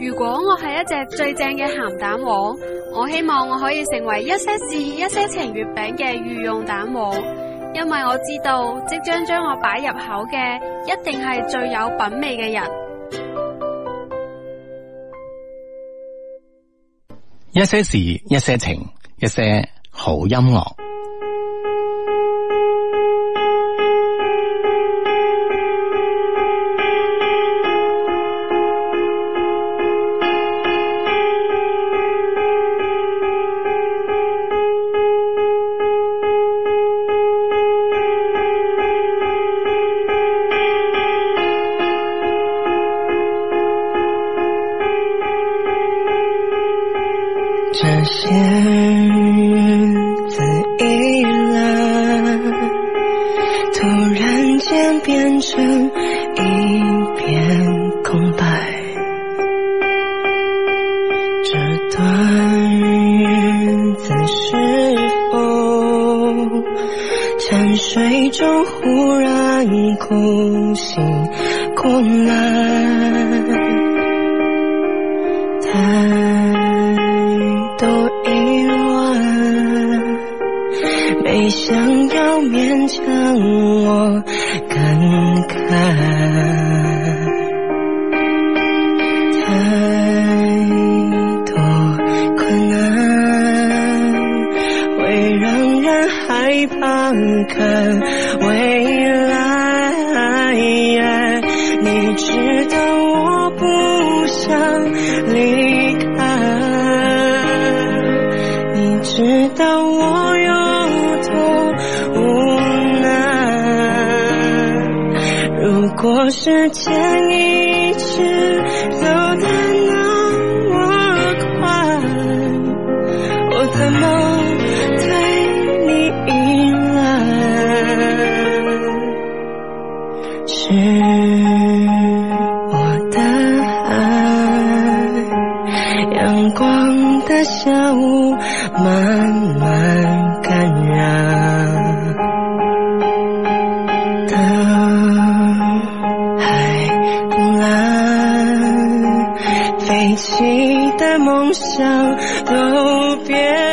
如果我係一隻最正嘅鹹蛋黃，我希望我可以成為一些事、一些情月餅嘅御用蛋黃，因為我知道，即將將我擺入口嘅，一定係最有品味嘅人。一些事、一些情、一些好音樂。大霧慢慢感染，當海藍，爛，廢棄的夢想都變。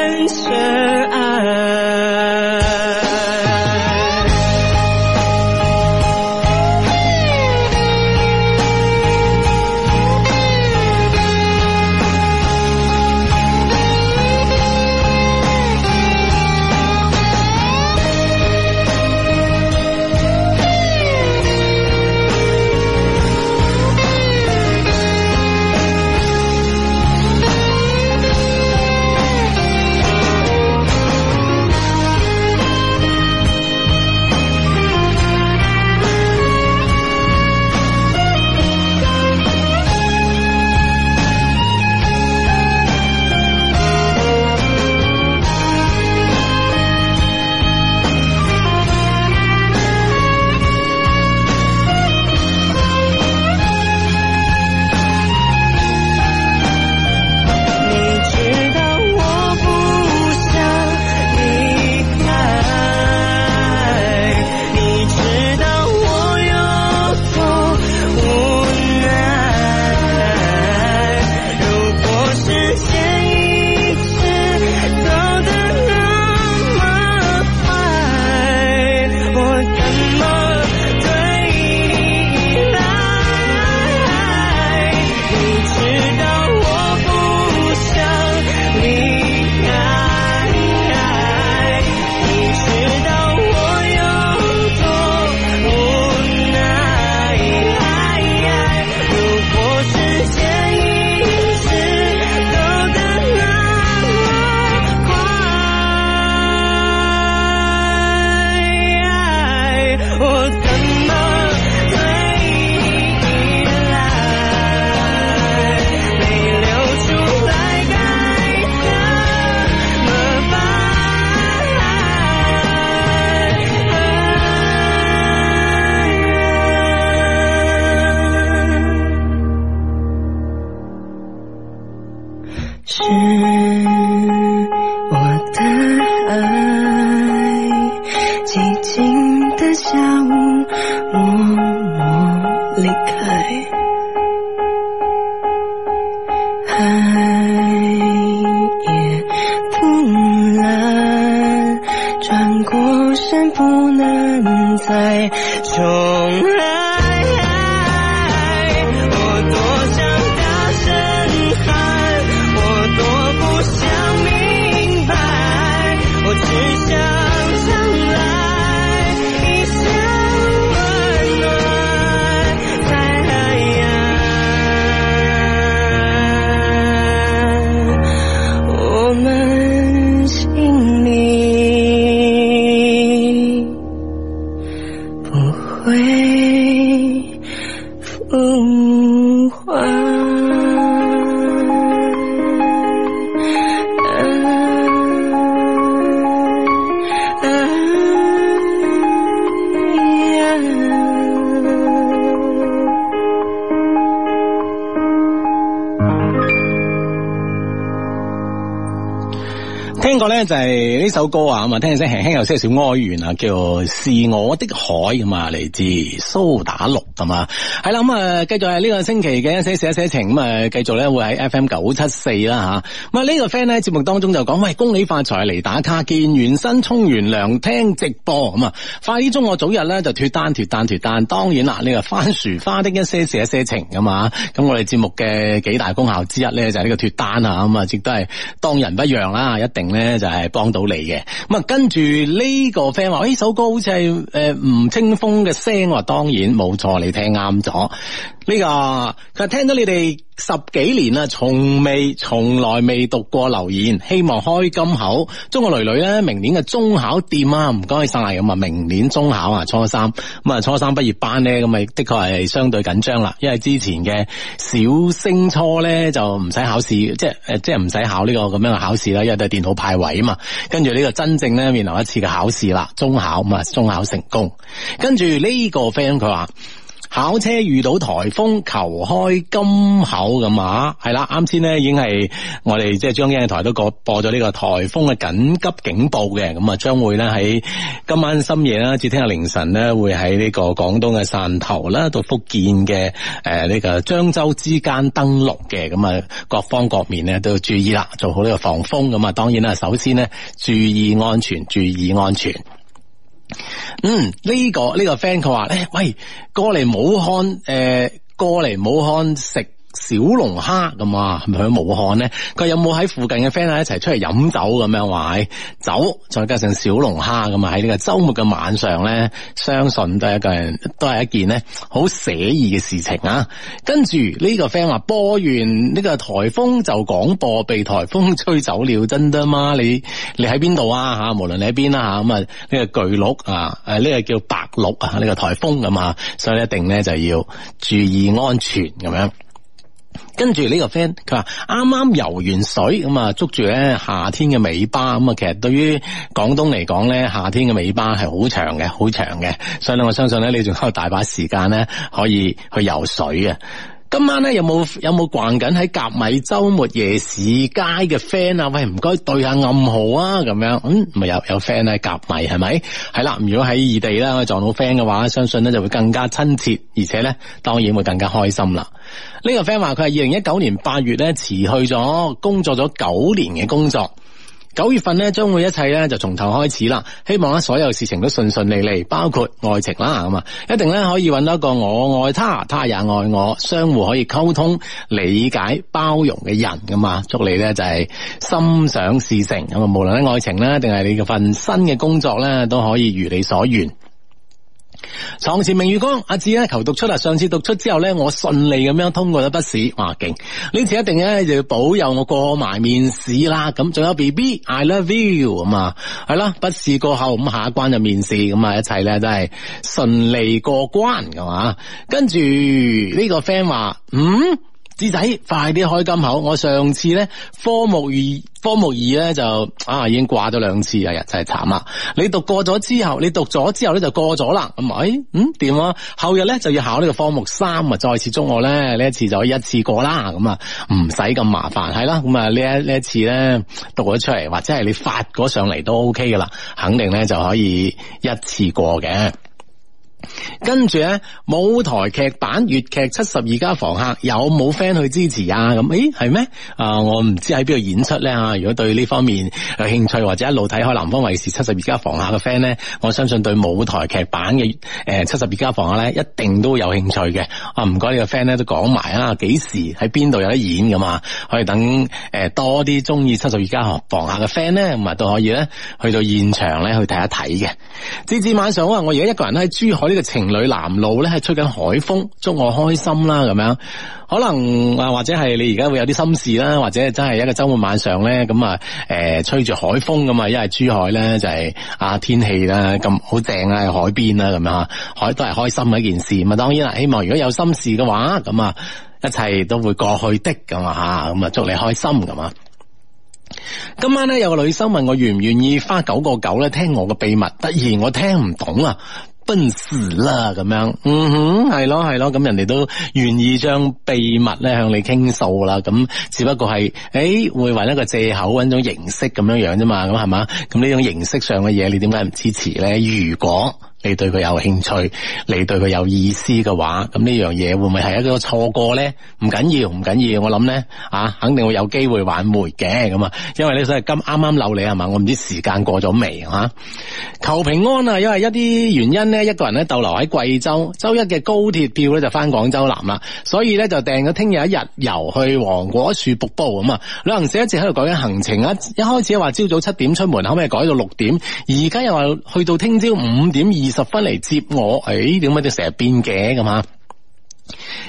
咧就係呢首歌啊，咁啊聽起身輕輕有些少哀怨啊，叫做是我的海咁啊，嚟自蘇打綠。咁啊，係啦，咁、嗯、啊，繼續係呢個星期嘅一些事一些情，咁啊，繼續咧會喺 F M 九七四啦吓。咁啊，呢、這個 friend 咧節目當中就講，喂，恭喜發財嚟打卡，見完身，沖完涼，聽直播，咁啊，嗯、快啲中我早日咧就脫單脫單脫單。當然啦，呢、這個番薯花的一些事一些情噶嘛，咁、啊嗯、我哋節目嘅幾大功效之一咧就係、是、呢個脫單啊，咁、嗯、啊，亦都係當仁不讓啦，一定咧就係幫到你嘅。咁、嗯、啊，跟住呢個 friend 話，呢首歌好似係誒吳青峰嘅聲，我話當然冇錯啦。聽這個、他聽到你聽啱咗呢個佢聽到你哋十幾年啦，從未從來未讀過留言，希望開金口。中國女女咧，明年嘅中考掂啊，唔該晒咁啊。明年中考啊，初三咁啊，初三畢業班咧，咁啊的確係相對緊張啦。因為之前嘅小升初咧就唔使考試，即係誒即係唔使考呢個咁樣嘅考試啦，因為都係電腦派位啊嘛。跟住呢個真正咧面臨一次嘅考試啦，中考咁啊，中考成功。跟住呢個 friend 佢話。跑車遇到台風，求開金口咁啊！係啦，啱先咧已經係我哋即係將央台都過播咗呢個台風嘅緊急警報嘅，咁啊將會咧喺今晚深夜啦至聽日凌晨咧會喺呢個廣東嘅汕頭啦到福建嘅誒呢個漳州之間登陸嘅，咁啊各方各面咧都要注意啦，做好呢個防風咁啊！當然啦，首先咧注意安全，注意安全。嗯，呢、這個呢、這個 friend 佢話誒，喂，過嚟武漢誒、呃，過嚟武漢食。小龍蝦咁啊，係咪去武漢咧？佢有冇喺附近嘅 friend 啊一齊出嚟飲酒咁樣話酒，再加上小龍蝦咁啊，喺呢個周末嘅晚上咧，相信都係一個，都係一件咧好寫意嘅事情啊。跟住呢個 friend 話，波完呢個台風就廣播被台風吹走了，真得嗎？你你喺邊度啊？吓，無論你喺邊啊。吓，咁啊呢個巨鹿啊，誒、這、呢個叫白鹿啊，呢、這個台風咁啊，所以一定咧就要注意安全咁樣。跟住呢個 friend，佢話啱啱游完水咁啊，捉住咧夏天嘅尾巴咁啊。其實對於廣東嚟講咧，夏天嘅尾巴係好長嘅，好長嘅，所以咧我相信咧，你仲有大把時間咧可以去游水啊。今晚咧有冇有冇逛緊喺甲米周末夜市街嘅 friend 啊？喂，唔該對下暗號啊，咁樣，嗯，咪有有 friend 喺甲米係咪？係啦，如果喺異地咧，可以撞到 friend 嘅話，相信咧就會更加親切，而且咧當然會更加開心啦。呢個 friend 話佢係二零一九年八月咧辭去咗工作咗九年嘅工作。九月份咧，將會一切咧就從頭開始啦。希望咧所有事情都順順利利，包括愛情啦，咁啊，一定咧可以揾到一個我愛他，他也愛我，相互可以溝通、理解、包容嘅人噶嘛。祝你咧就係心想事成，咁啊，無論愛情咧，定係你嗰份新嘅工作咧，都可以如你所願。床前明月光，阿志咧求讀出啦！上次讀出之後咧，我順利咁樣通過咗筆試，哇勁！呢次一定咧就要保佑我過埋面試啦。咁仲有 BB，I love you 咁啊，係啦！筆試過後咁下一關就面試，咁啊一切咧都係順利過關噶嘛。跟住呢個 friend 話，嗯。子仔，快啲開金口！我上次咧科目二科目二咧就啊已經掛咗兩次啊，真係慘啦，你讀過咗之後，你讀咗之後咧就過咗啦，咁咪，嗯，掂啊？後日咧就要考呢個科目三啊，再次祝我咧呢一次就可以一次過樣啦，咁啊唔使咁麻煩係啦，咁啊呢一呢一次咧讀咗出嚟或者係你發嗰上嚟都 OK 噶啦，肯定咧就可以一次過嘅。跟住咧，舞台劇版粵劇七十二家房客有冇 fan 去支持啊？咁，誒，係咩？啊、呃，我唔知喺邊度演出咧。如果對呢方面有興趣或者一路睇開南方衛視七十二家房客嘅 fan 咧，我相信對舞台劇版嘅誒七十二家房客咧一定都有興趣嘅。啊，唔該呢個 fan 咧都講埋啊，幾時喺邊度有得演咁啊？可以等誒多啲中意七十二家房客嘅 fan 咧，咁啊都可以咧去到現場咧去睇一睇嘅。直至晚上，我而家一個人喺珠海。一個情侶南路咧，係吹緊海風，祝我開心啦咁樣，可能啊或者係你而家會有啲心事啦，或者真係一個周末晚上咧咁啊，誒吹住海風咁啊，因為珠海咧就係啊天氣啦咁好正啊，海邊啦咁啊，海都係開心嘅一件事咁啊，當然啦，希望如果有心事嘅話，咁啊一切都會過去的咁啊吓，咁啊祝你開心咁啊。今晚咧有個女生問我願唔願意花九個九咧聽我嘅秘密，突然我聽唔懂啊。奔馳啦咁樣，嗯哼，係咯係咯，咁人哋都願意將秘密咧向你傾訴啦，咁只不過係，誒，會揾一個借口，搵種形式咁樣樣啫嘛，咁係嘛，咁呢種形式上嘅嘢，你點解唔支持咧？如果。你對佢有興趣，你對佢有意思嘅話，咁呢樣嘢會唔會係一個錯過呢？唔緊要，唔緊要，我諗呢啊，肯定會有機會挽回嘅，咁啊，因為呢只今啱啱扭你係嘛，我唔知時間過咗未吓。求平安啊！因為一啲原因呢，一個人呢逗留喺貴州，周一嘅高鐵票呢就返廣州南啦，所以呢就訂咗聽日一日遊去黃果樹瀑布咁啊。旅行社一直喺度改緊行程啊，一開始話朝早七點出門，後尾又改到六點，而家又話去到聽朝五點二。十分嚟接我，誒、哎，點解你成日變嘅咁啊！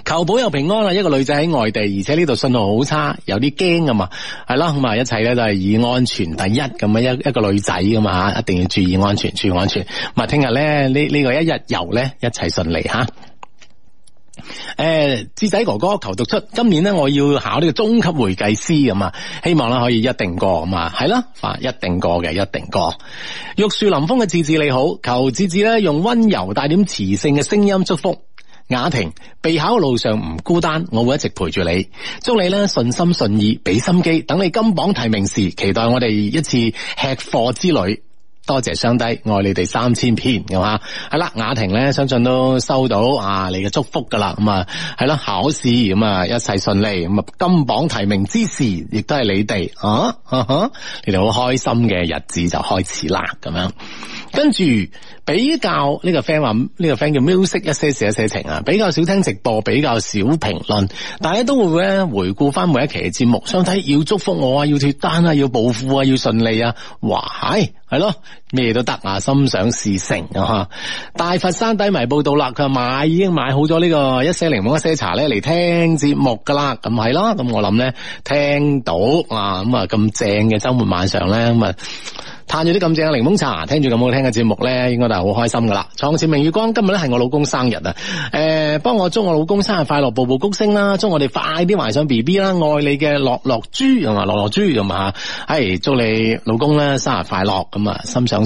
求保佑平安啦，一個女仔喺外地，而且呢度信號好差，有啲驚噶嘛，係咯，咁啊，一切咧都係以安全第一咁啊，一一個女仔噶嘛，一定要注意安全，注意安全。咁啊，聽日咧呢呢個一日遊咧，一切順利吓。誒、欸，智仔哥哥求讀出今年呢，我要考呢個中級會計師咁啊，希望咧可以一定過咁啊，係、嗯、啦，一定過嘅，一定過。玉樹臨風嘅智智你好，求智智咧用温柔帶點磁性嘅聲音祝福雅婷，備考嘅路上唔孤單，我會一直陪住你，祝你呢順心順意，俾心機，等你金榜題名時，期待我哋一次吃貨之旅。多謝雙低，愛你哋三千篇咁吓，係啦，雅婷咧相信都收到啊，你嘅祝福噶啦，咁啊係咯，考試咁啊一切順利，咁啊金榜題名之時亦都係你哋，啊啊哈，你哋好開心嘅日子就開始啦，咁樣跟住。比較呢個 friend 話呢個 friend 叫 music 一些事一些情啊，比較少聽直播，比較少評論，大家都會咧回顧翻每一期嘅節目。想睇要祝福我啊，要脫單啊，要暴富啊，要順利啊，哇，係係咯。咩都得啊！心想事成啊！吓，大佛山底迷報道啦，佢話買已經買好咗呢個一些檸檬一些茶咧嚟聽節目噶啦，咁係啦，咁我諗咧聽到啊咁啊咁正嘅周末晚上咧咁啊嘆住啲咁正嘅檸檬茶，聽住咁好聽嘅節目咧，應該都係好開心噶啦！創設明月光今日咧係我老公生日啊！誒、欸，幫我祝我老公生日快樂，步步高升啦，祝我哋快啲懷上 B B 啦，愛你嘅樂樂豬同埋樂樂豬，咁吓係祝你老公咧生日快樂，咁啊心想。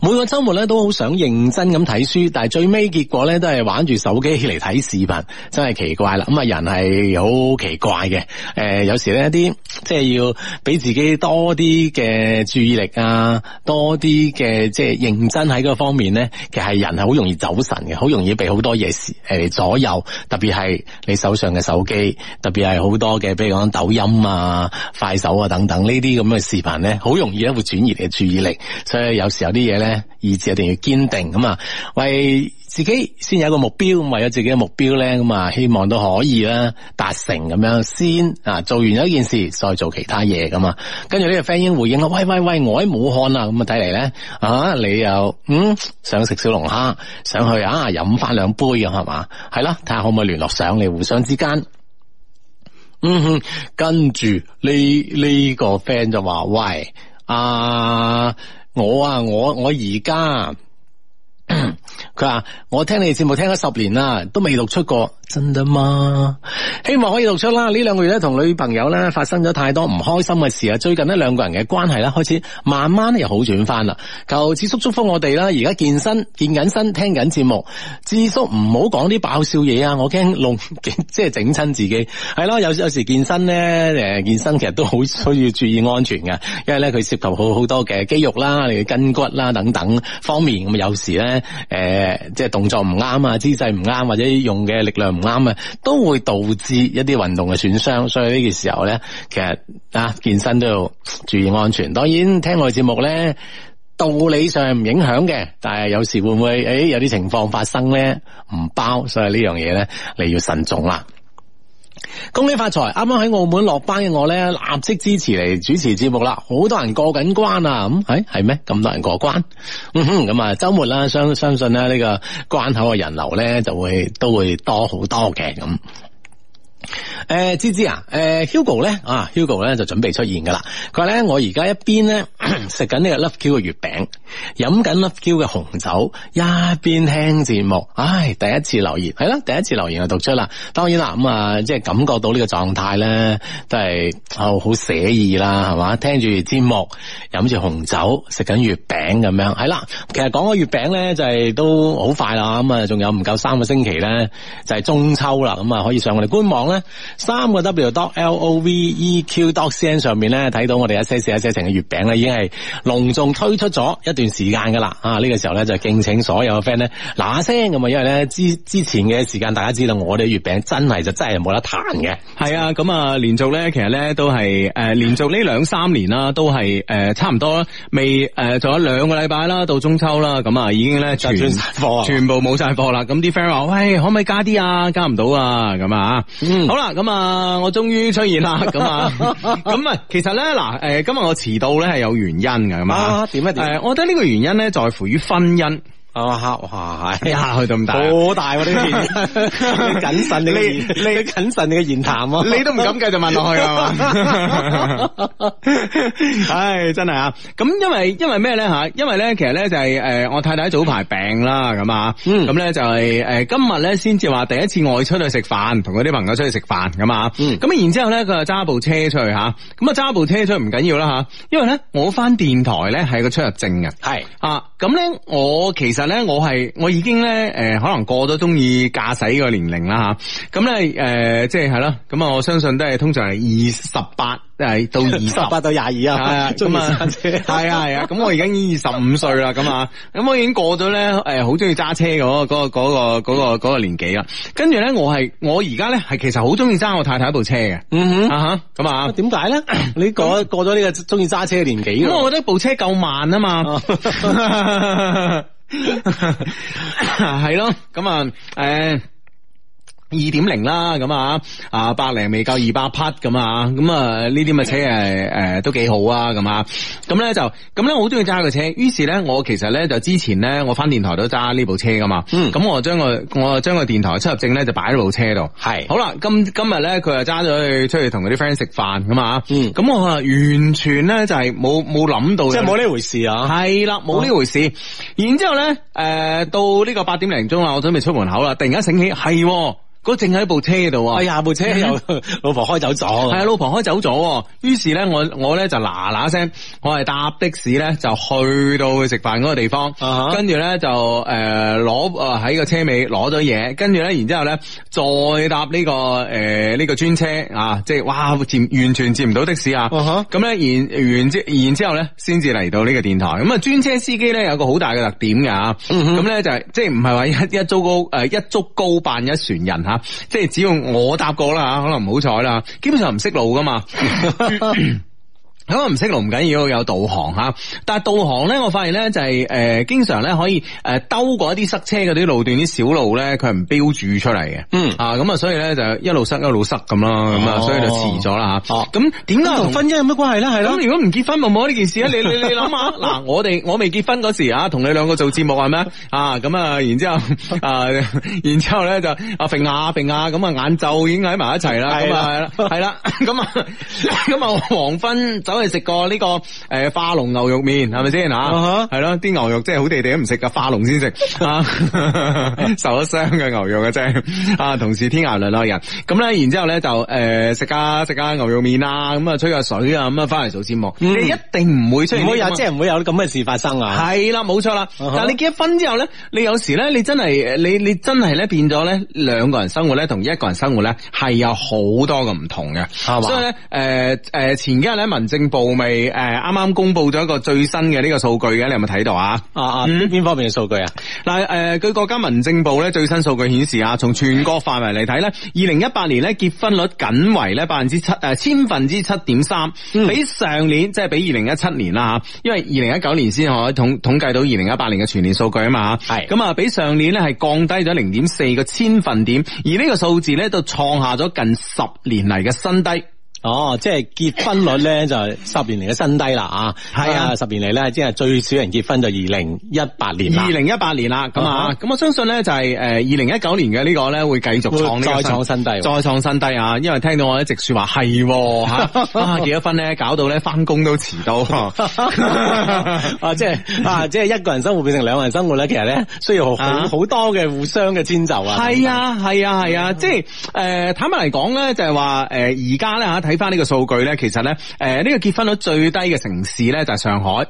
每個周末咧都好想認真咁睇書，但係最尾結果咧都係玩住手機嚟睇視頻，真係奇怪啦！咁啊，人係好奇怪嘅。誒，有時咧一啲即係要俾自己多啲嘅注意力啊，多啲嘅即係認真喺嗰個方面咧，其實人係好容易走神嘅，好容易被好多嘢誒左右。特別係你手上嘅手機，特別係好多嘅，比如講抖音啊、快手啊等等呢啲咁嘅視頻咧，好容易咧會轉移你嘅注意力，所以有時候。有啲嘢咧，意志一定要堅定咁啊，為自己先有一個目標，為咗自己嘅目標咧，咁啊，希望都可以啦，達成咁樣先啊。做完咗一件事，再做其他嘢咁啊。跟住呢個 friend 回應啦，喂喂喂，我喺武漢啊，咁啊，睇嚟咧啊，你又嗯想食小龍蝦，想去啊，飲翻兩杯咁係嘛，係啦，睇下可唔可以聯絡上嚟，互相之間嗯哼。跟住呢呢個 friend 就話喂啊。我啊，我我而家。佢話： 我聽你哋節目聽咗十年啦，都未讀出過。真噶嘛？希望可以讀出啦。呢兩個月咧，同女朋友咧發生咗太多唔開心嘅事啊。最近呢，兩個人嘅關係咧開始慢慢又好轉翻啦。求智叔祝福我哋啦！而家健身，健緊身，聽緊節目。智叔唔好講啲爆笑嘢啊！我驚弄即係整親自己。係咯，有有時健身咧，誒，健身其實都好需要注意安全嘅，因為咧佢涉及好好多嘅肌肉啦、你嘅筋骨啦等等方面。咁有時咧。誒、呃，即係動作唔啱啊，姿勢唔啱，或者用嘅力量唔啱啊，都會導致一啲運動嘅損傷。所以呢個時候咧，其實啊，健身都要注意安全。當然聽我節目咧，道理上係唔影響嘅，但係有時會唔會誒、哎、有啲情況發生咧，唔包。所以這東西呢樣嘢咧，你要慎重啦。恭喜發財！啱啱喺澳門落班嘅我咧，立即支持嚟主持節目啦！好多人過緊關啊，咁係係咩？咁多人過關，嗯哼，咁啊周末啦，相相信咧呢個關口嘅人流咧就會都會多好多嘅咁。誒，芝芝、呃、啊，誒、呃、Hugo 咧啊，Hugo 咧就準備出現噶啦。佢話咧，我而家一邊咧食緊呢個 Love Q 嘅月餅，飲緊 Love Q 嘅紅酒，一邊聽節目。唉，第一次留言係啦，第一次留言就讀出啦。當然啦，咁、嗯、啊，即係感覺到個狀態呢個狀態咧，都係好好寫意啦，係嘛？聽住節目，飲住紅酒，食緊月餅咁樣，係啦。其實講個月餅咧，就係、是、都好快啦。咁啊，仲有唔夠三個星期咧，就係、是、中秋啦。咁、嗯、啊，可以上我哋官網咧。三個 W dot L O V E Q dot C N 上面咧睇到我哋一些、一些事一些情嘅月餅咧，已經係隆重推出咗一段時間噶啦啊！呢、呢個時候咧就敬請所有嘅 friend 咧，嗱聲咁啊，因為咧之之前嘅時間，大家知道我哋月餅真係就真係冇得彈嘅。係啊，咁啊，連續咧其實咧都係誒、呃，連續呢兩三年啦、啊，都係誒、呃、差唔多未誒，仲有、呃、兩個禮拜啦，到中秋啦，咁啊已經咧全貨全，全部冇晒貨啦。咁啲 friend 話：喂，可唔可以加啲啊？加唔到啊？咁啊嗯。好啦，咁啊，我終於出現啦，咁啊，咁啊， 其實咧，嗱，誒，今日我遲到咧係有原因㗎嘛？點啊點？誒、啊，啊、我覺得呢個原因咧，在乎於婚姻。吓，哇係，去咁大，好大喎，啊！ 你謹慎你你謹慎你嘅言談喎，你都唔敢繼續問落去係唉 吧， 哎，真係啊！咁因為因為咩咧吓？因為咧，為其實咧就係誒，我太太早排病啦，咁啊，嗯，咁咧就係、是、誒，今日咧先至話第一次外出去食飯，同佢啲朋友出去食飯，咁啊，嗯，咁然之後咧佢就揸部車出去吓，咁啊揸部車出去唔緊要啦吓，因為咧我返電台咧係個出入證嘅，係是啊，咁咧我其實。咧，我係我已經咧，誒可能過咗中意駕駛個年齡啦吓，咁咧，誒即係係咯，咁啊我相信都係通常係二十八即係到二十八到廿二啊，係啊，揸車，係啊係啊，咁我而家已經二十五歲啦，咁啊，咁我已經過咗咧，誒好中意揸車嗰嗰個嗰個嗰個嗰個年紀啦，跟住咧，我係我而家咧係其實好中意揸我太太一部車嘅，嗯哼，咁啊點解咧？你過過咗呢個中意揸車嘅年紀，因為我覺得部車夠慢啊嘛。係咯，咁啊，誒。二點零啦，咁啊，啊百零未夠二百匹咁啊，咁啊呢啲咪車係誒都幾好啊，咁啊，咁咧就咁咧好中意揸個車，於是咧我其實咧就之前咧我翻電台都揸呢部車噶嘛，嗯，咁我將個我將個電台出入證咧就擺喺部車度，係是，好啦，今今日咧佢就揸咗去出去同嗰啲 friend 食飯噶嘛，咁、嗯、我啊完全咧就係冇冇諗到，即係冇呢回事啊，係啦，冇呢回事，哇然之後咧誒、呃、到呢個八點零鐘啦，我準備出門口啦，突然間醒起係喎。個淨喺部車度，哎呀，部車又、嗯、老婆開走咗，係啊，老婆開走咗。於是咧，我我咧就嗱嗱聲，我係搭的士咧就去到去食飯嗰個地方，跟住咧就誒攞喺個車尾攞咗嘢，跟住咧然之後咧再搭呢、這個誒呢、呃這個專車啊，即係哇占完全接唔到的士啊哈，咁咧然然之然之後咧先至嚟到呢個電台。咁啊專車司機咧有個好大嘅特點㗎。咁咧、嗯、哼就係即係唔係話一一竹篙誒一竹篙扮一船人。啊，即係只要我答過啦，可能唔好彩啦，基本上唔識路噶嘛。 咁啊唔識路唔緊要，有導航吓。但係導航咧，我發現咧就係、是、誒、呃，經常咧可以誒兜過一啲塞車嗰啲路段啲小路咧，佢係唔標注出嚟嘅。嗯啊，咁啊，所以咧就一路塞一路塞咁咯。咁啊，所以就遲咗啦吓。咁點解同婚姻有乜關係咧？係咯了，如果唔結婚，冇冇呢件事啊？ 你你你諗下嗱，我哋我未結婚嗰時啊，同你兩個做節目係咩啊？咁啊，然之後啊，然之後咧 就啊，平平咁啊，晏晝已經喺埋一齊啦。係啦，係啦，咁啊，咁啊黃昏走。食過呢，這個誒、呃、化隆牛肉麵係咪先啊？係咯，啲、uh huh. 牛肉真係好地地都唔食噶化隆先食，uh huh. 受咗傷嘅牛肉嘅真係啊！同事天涯兩路人咁咧，嗯、然之後咧就誒食下食下牛肉麵啦、啊，咁啊吹下水啊，咁啊翻嚟做節目，嗯、你一定唔會出現，唔、嗯、樣會有即係唔會有咁嘅事發生啊！係啦，冇錯啦。Uh huh. 但係你結咗婚之後咧，你有時咧，你真係你你真係咧變咗咧，兩個人生活咧同一個人生活咧係有好多嘅唔同嘅，uh huh. 所以咧誒誒前幾日咧民政。部咪誒，啱啱公布咗一個最新嘅呢個數據嘅，你有冇睇到啊？啊啊，邊方面嘅數據啊？嗱、嗯，誒，據國家民政部咧最新數據顯示啊，從全國範圍嚟睇咧，二零一八年咧結婚率僅為咧百分之七誒，千分之七點三，比上年即係比二零一七年啦吓，因為二零一九年先可以統統，統計到二零一八年嘅全年數據啊嘛係咁啊，是比上年咧係降低咗零點四個千分點，而呢個數字咧就創下咗近十年嚟嘅新低。哦，即係結婚率咧就係、是、十年嚟嘅新低啦啊！係啊的，十的年嚟咧即係最少人結婚就二零一八年。二零一八年啦，咁啊，咁、啊、我相信咧就係誒二零一九年嘅呢繼個咧會繼續創再創新低，再創新低啊！因為聽到我一直說話係、啊、 結咗婚咧，搞到咧翻工都遲到 啊！即係啊！即係一個人生活變成兩個人生活咧，其實咧需要好好、啊、多嘅互相嘅遷就啊！係啊的！係啊！係啊！即係誒、呃，坦白嚟講咧就係話誒而家咧吓。呃睇翻呢個數據咧，其實咧，誒，呢個結婚率最低嘅城市咧，就係上海。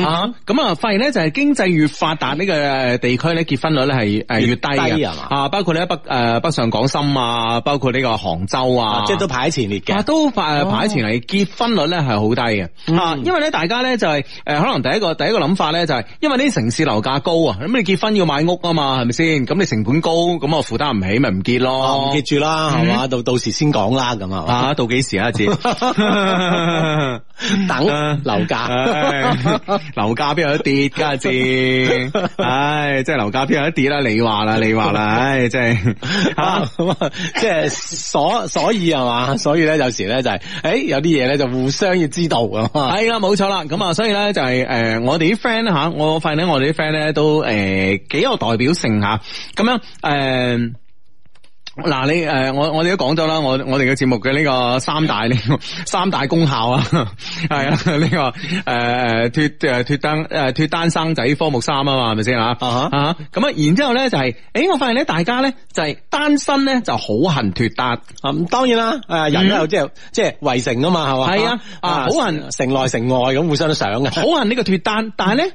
啊咁、嗯、啊，發現咧就係經濟越發達呢、這個地區咧結婚率咧係誒越低，越低啊，啊包括咧北誒、呃、北上廣深啊，包括呢個杭州啊，啊即係都排喺前列嘅、啊，都排排喺前列，哦、結婚率咧係好低嘅啊。嗯、因為咧大家咧就係、是、誒可能第一個第一個諗法咧就係、是，因為呢城市樓價高啊，咁你結婚要買屋啊嘛，係咪先？咁你成本高，咁啊負擔唔起咪唔結咯？唔、啊、結住啦，係嘛嗎？到到時先講啦，咁啊，到幾時啊？接。 等樓價，樓價邊有得跌噶、啊、字？唉、 哎，即係樓價邊有得跌啦、啊！你話啦，你話啦，唉、 哎，真係吓，即係、 啊就是、所所以係嘛？所以咧，有時咧就係、是，誒、哎，有啲嘢咧就互相要知道噶嘛。係 啦，冇錯啦。咁啊，所以咧就係、是、誒、呃，我哋啲 friend 吓，我發現咧我哋啲 friend 咧都誒幾、呃、有代表性吓。咁樣誒。呃嗱、啊、你誒、呃，我我哋都講咗啦，我我哋嘅節目嘅呢個三大呢個三大功效啊，係啦呢個誒脫誒脫單誒脫單生仔科目三啊嘛，係咪先啊？咁啊，然之後咧就係、是，誒我發現咧大家咧就係、是、單身咧就好恨脫單啊，當然啦，誒、呃、人又、就是 mm hmm. 即係即係圍城啊嘛，係嘛？係啊，啊好恨城內城外咁互相都想嘅，好、啊、恨呢個脫單， 但係咧。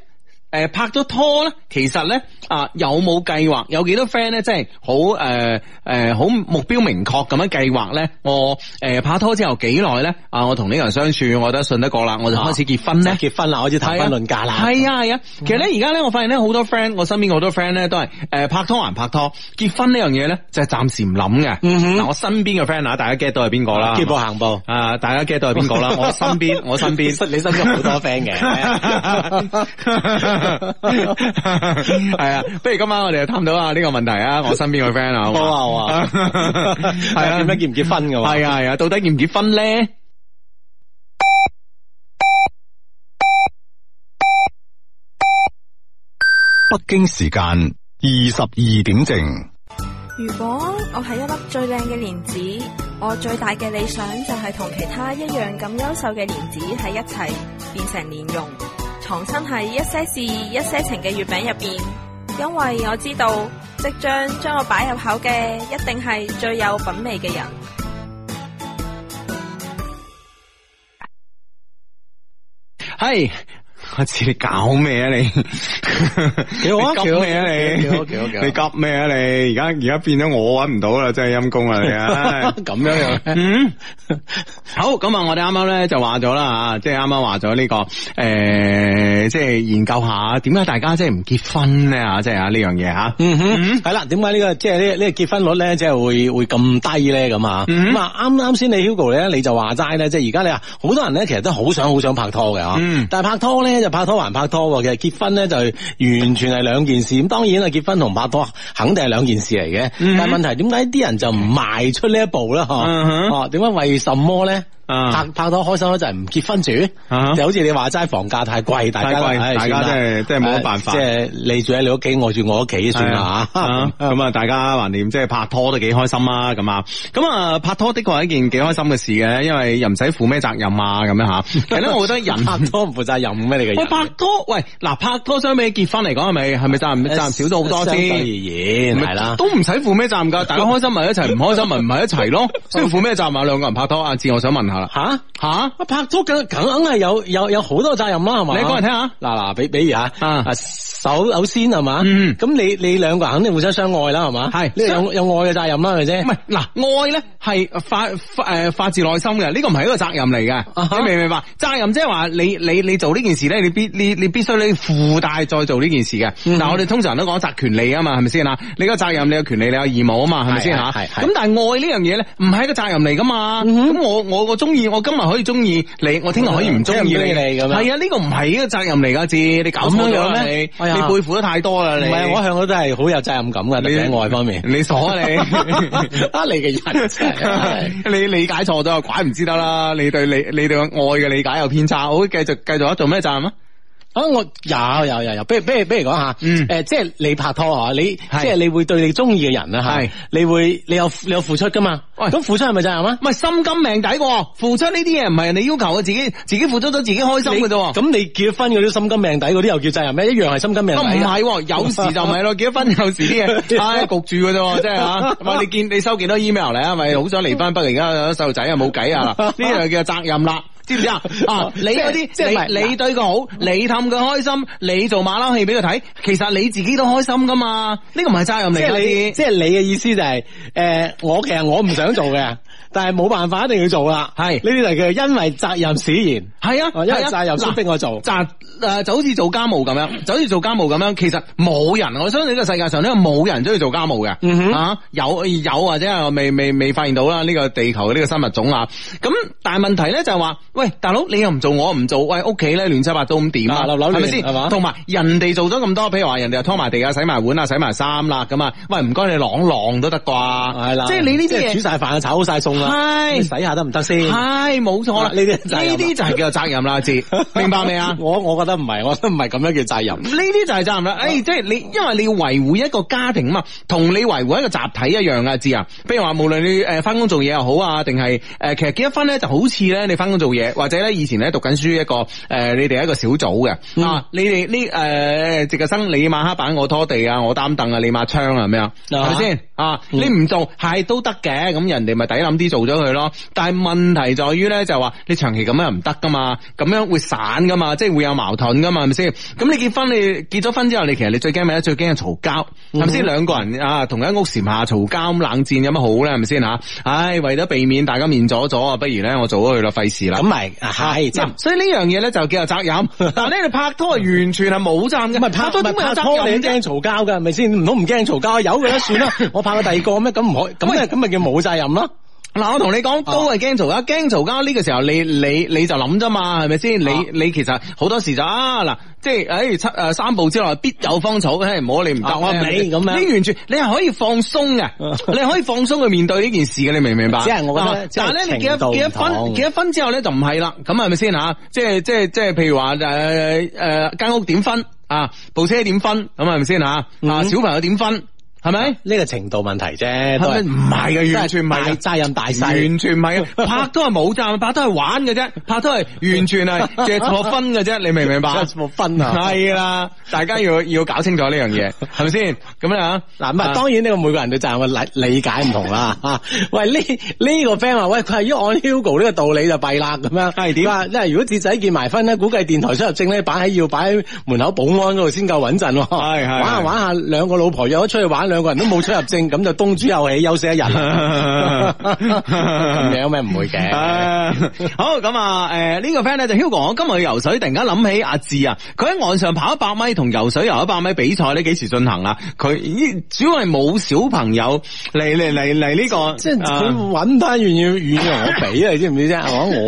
誒，拍咗拖咧，其實咧啊，有冇計劃？有幾多 friend 咧，即係好誒誒，好、呃、目標明確咁樣計劃咧？我誒拍拖之後幾耐咧？啊，我同呢個人相處，我覺得信得過啦，我就開始結婚咧。結婚啦，開始談婚論嫁啦。係啊係啊，啊啊嗯、其實咧而家咧，我發現咧好多 friend，我身邊好多 friend 咧都係誒拍拖還拍拖，結婚呢樣嘢咧就暫時唔諗嘅。我身邊嘅 friend 啊，大家 get 到係邊個啦？結步行步，啊，大家 get 到係邊個啦？我身邊，我身邊，你身邊好多 friend 嘅。 係啊， 不如今晚我哋就探討下呢個問題啊，我身邊個 friend 啊，好啊好啊，係 啊對，結唔 對結婚㗎？係啊係啊，到底結唔結婚咧？北京時間二十二點正。如果我係一粒最靚嘅蓮子，我最大嘅理想就係同其他一樣咁優秀嘅蓮子喺一齊，變成蓮蓉，藏身喺一些事、一些情嘅月餅入邊，因為我知道，即將將我擺入口嘅，一定係最有品味嘅人。係。我似你搞咩啊你？你，好、啊、你急咩啊你？你急咩啊你？而家而家變咗我揾唔到啦，真係陰公啦你啊！咁 樣樣嗎、嗯、好咁啊！我哋啱啱咧就話咗啦啊，即係啱啱話咗呢個誒、即、呃、係、就是、研究下點解大家即係唔結婚咧啊，即係吓呢樣嘢吓。嗯哼，係啦，點解呢個即係呢呢個結婚率咧，即係會會咁低咧咁啊？咁啊、嗯，啱啱先你 Hugo 咧，你就話齋咧，即係而家你啊，好多人咧其實都好想好想拍拖嘅吓，嗯、但係拍拖咧拍拖還拍拖其實結婚咧就完全係兩件事。咁當然啦，結婚同拍拖肯定係兩件事嚟嘅。嗯、哼但係問題，點解啲人就唔邁出呢一步咧？吓，哦，點解為什麼咧？嗯哼拍拍拖開心就係唔結婚住，就好似你話齋房價太貴，大家大家真係真係冇得辦法，即係你住喺你屋企，我住我屋企算啦咁啊，大家懷念即係拍拖都幾開心啊！咁啊，咁啊，拍拖的確係一件幾開心嘅事嘅，因為又唔使負咩責任啊！咁樣吓，其實我覺得人拍拖唔負責任咩嚟嘅？佢拍拖喂嗱，拍拖相比結婚嚟講係咪係咪責任少咗好多先？耶，係啦，都唔使負咩責任噶，大家開心咪一齊，唔開心咪唔係一齊咯。需要負咩責任啊？兩個人拍拖啊，志，我想問下。吓吓，哈哈拍拖梗梗係有有有好多責任啦，係嘛？你講嚟聽下。嗱嗱，比比如吓啊。啊首先係嘛，咁你你兩個人肯定互相相愛啦，係嘛？係呢有有愛嘅責任啦，係咪先？唔係嗱，愛咧係發誒發自內心嘅，呢個唔係一個責任嚟嘅，你明唔明白？責任即係話你你你做呢件事咧，你必你你必須你附帶再做呢件事嘅。嗱，我哋通常都講責權利啊嘛，係咪先啊？你個責任，你有權利，你有義務啊嘛，係咪先吓？咁但係愛呢樣嘢咧，唔係一個責任嚟噶嘛。咁我我我中意，我今日可以中意你，我聽日可以唔中意你，你咁係啊，呢個唔係一個責任嚟噶，你搞錯咗。你背負得太多啦，你唔係我向佢都係好有責任感嘅，你喺愛方面，你，你傻啊你啊！ 你嘅人， 你理解錯咗，怪唔知得啦！你對理你，你對愛嘅理解有偏差，我會繼續繼續做咩責任啊？啊、我有有有有，不如不如比如講吓，誒、嗯呃，即係你拍拖嗬，你是 即係你會對你中意嘅人係是 你會你有你有付出噶嘛？喂，咁付出係咪責任啊？唔係心甘命抵喎！付出呢啲嘢唔係人哋要求啊，自己自己付出咗自己開心嘅啫。咁你，你結婚嗰啲心甘命底嗰啲又叫責任咩？一樣係心甘命底。唔係、啊啊，有時就唔係咯，結咗婚有時啲嘢係焗住嘅啫，即係吓。我、啊、見你收幾多 email 嚟啊？咪好想離翻北而家細路仔啊，冇計啊，呢樣叫責任啦。知唔知啊？ 啊，你嗰啲即係你對佢好，啊、你氹佢開心， 你做馬騮戲俾佢睇，其實你自己都開心噶嘛？呢、呢個唔係責任嚟嘅，即係你嘅些意思就係、係、誒、呃，我其實我唔想做嘅。 但係冇辦法，一定要做啦。係呢啲就嘅，係因為責任使然。係啊，因為責任逼我做。責誒、啊、就好似做家務咁樣，就好似做家務咁樣。其實冇人，我相信呢個世界上呢個冇人中意做家務嘅。吓、嗯哼啊、有有或者我未未未發現到啦呢個地球嘅呢個生物種啊。咁但係問題咧就係話，喂大佬你又唔做，我唔做，喂屋企咧亂七八糟咁點啊？係咪先？係嘛。同埋吧人哋做咗咁多，譬如話人哋又拖埋地啊，洗埋碗啊，洗埋衫啦，咁啊，喂唔該你晾晾都得啩？係啦的。即係的你呢啲嘢，煮晒飯啊，炒好晒餸。係洗下得唔得先？係冇錯啦，呢啲呢啲就係叫做責任啦，知明白未啊？我我覺得唔係，我都唔係咁樣叫責任，呢啲就係責任啦。誒，即係你，因為你要維護一個家庭啊嘛，同你維護一個集體一樣啊，知啊？譬如話無論你誒翻工做嘢又好啊，定係誒其實結咗婚咧，就好似咧你翻工做嘢，或者咧以前咧讀緊書一個誒，你哋一個小組嘅啊，你哋呢誒值日生，你抹黑板，我拖地啊，我擔凳啊，你抹窗啊，係咪啊？係咪先啊？你唔做係都得嘅，咁人哋咪抵諗啲。做咗佢咯，但係問題在於咧，就係話你長期咁樣唔得噶嘛，咁樣會散噶嘛，即係會有矛盾噶嘛，係咪先？咁你結婚，你結咗婚之後，你其實你最驚咩咧？最驚嘈交，係咪先？兩個人啊，同一屋檐下嘈交冷戰有，有乜好咧？係咪先吓？唉，為咗避免大家面阻阻，不如咧我做咗佢啦，費事啦。咁咪係，即係所以呢樣嘢咧就叫責任。哈哈但係咧你拍拖完全係冇責任，拍拖都冇責任。你驚嘈交噶，係咪先？唔好唔驚嘈交，有嘅啦，算啦，我拍個第二個咩？咁唔可咁咁咪叫冇責任咯。嗱，我同你講，都係驚嘈交，驚嘈交呢個時候你，你你你就諗咋嘛，係咪先？啊、你你其實好多時就啊，嗱，即係誒七誒三步之內必有芳草，係摸你唔得，理尾咁樣。你完全你係可以放鬆嘅， 你可以放鬆去面對呢件事嘅，你明唔明白嗎？只係我覺得，啊、是但係咧結一結一婚，結一婚之後咧就唔係啦，咁係咪先吓？即係即係即係，譬如話誒誒間屋點分啊，部車點分咁係咪先吓？嗯、哼小朋友點分？係咪呢個程度問題啫？係咪唔係嘅？完全唔係責任大細，完全唔係拍拖係冇責任，拍拖係玩嘅啫，拍拖係完全係借錯分嘅啫。你明唔明白？借錯分啊，係啦，大家要要搞清楚呢樣嘢，係咪先？咁啊，嗱，唔當然呢個每個人嘅責任理理解唔同啦。吓，喂呢呢個 friend 話，喂佢係一 on Hugo 呢個道理就弊啦咁樣。係點啊？即係如果鐵仔結埋婚咧，估計電台出入證咧擺喺要擺喺門口保安嗰度先夠穩陣。係係玩下玩下，兩個老婆約咗出去玩兩個人都冇出入證，咁就東主有喜休息一日，咁樣有咩唔會嘅？好咁啊，誒呢個 friend 咧就 Hugo，我今日去游水，突然間諗起阿志啊，佢喺岸上跑一百米同游水游一百米比賽咧，幾時進行啊？佢主要係冇小朋友嚟嚟嚟嚟呢個，即係佢揾翻願意願意同我比啊？你知唔知啫？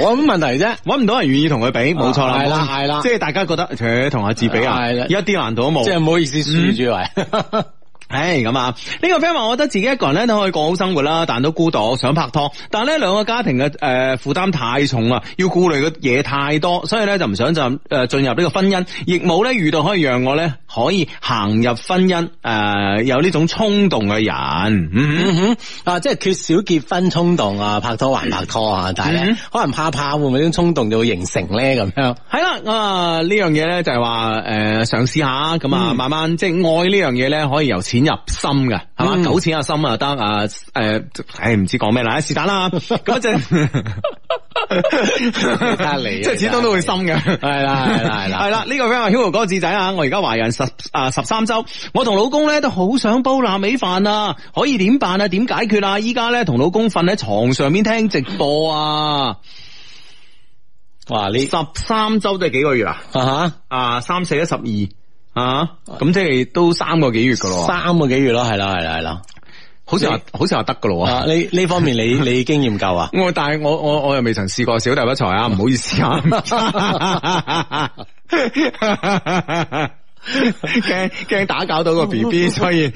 我咁問題啫，揾唔到人願意同佢比，冇錯啦，係啦，即係大家覺得，同阿志比啊，一啲難度都冇，即係唔好意思，輸住嚟。唉，咁啊、哎，呢、呢個 friend 話，我覺得自己一個人咧都可以過好生活啦，但都孤獨，想拍拖，但係咧兩個家庭嘅誒負擔太重啦，要顧慮嘅嘢太多，所以咧就唔想就誒進、呃、入呢個婚姻，亦冇咧遇到可以讓我咧可以行入婚姻誒、呃、有呢種衝動嘅人，嗯嗯嗯、啊，即係缺少結婚衝動啊，拍拖還拍拖啊，但係咧、嗯、可能怕怕會唔會呢種衝動就會形成咧咁樣？係啦，啊呢樣嘢咧就係話誒嘗試下，咁啊、嗯、慢慢即係愛呢樣嘢咧可以由此。點入心嘅係嘛？嗯、九錢阿、啊、心啊得啊誒，唔、呃、知講咩啦，時間啦，嗰陣嚟，即係始終都會心嘅，係啦係啦係啦，係啦，呢個 friend Hugo 嗰個智仔啊，我而家懷孕十啊十三周，我同老公咧都好想煲臘味飯啊，可以點辦啊？點解決啊？依家咧同老公瞓喺床上面聽直播啊！ 哇，你十三周都係幾個月啊？Uh huh. 啊，三四一十二。啊！咁即係都三個幾月噶咯，三個幾月囉，係啦，係啦，係啦，好似話以好似話得噶咯，呢呢方面你你經驗夠啊！我但係我我我又未曾試過小弟不才啊，唔好意思啊。 驚驚打攪到個 B B，所以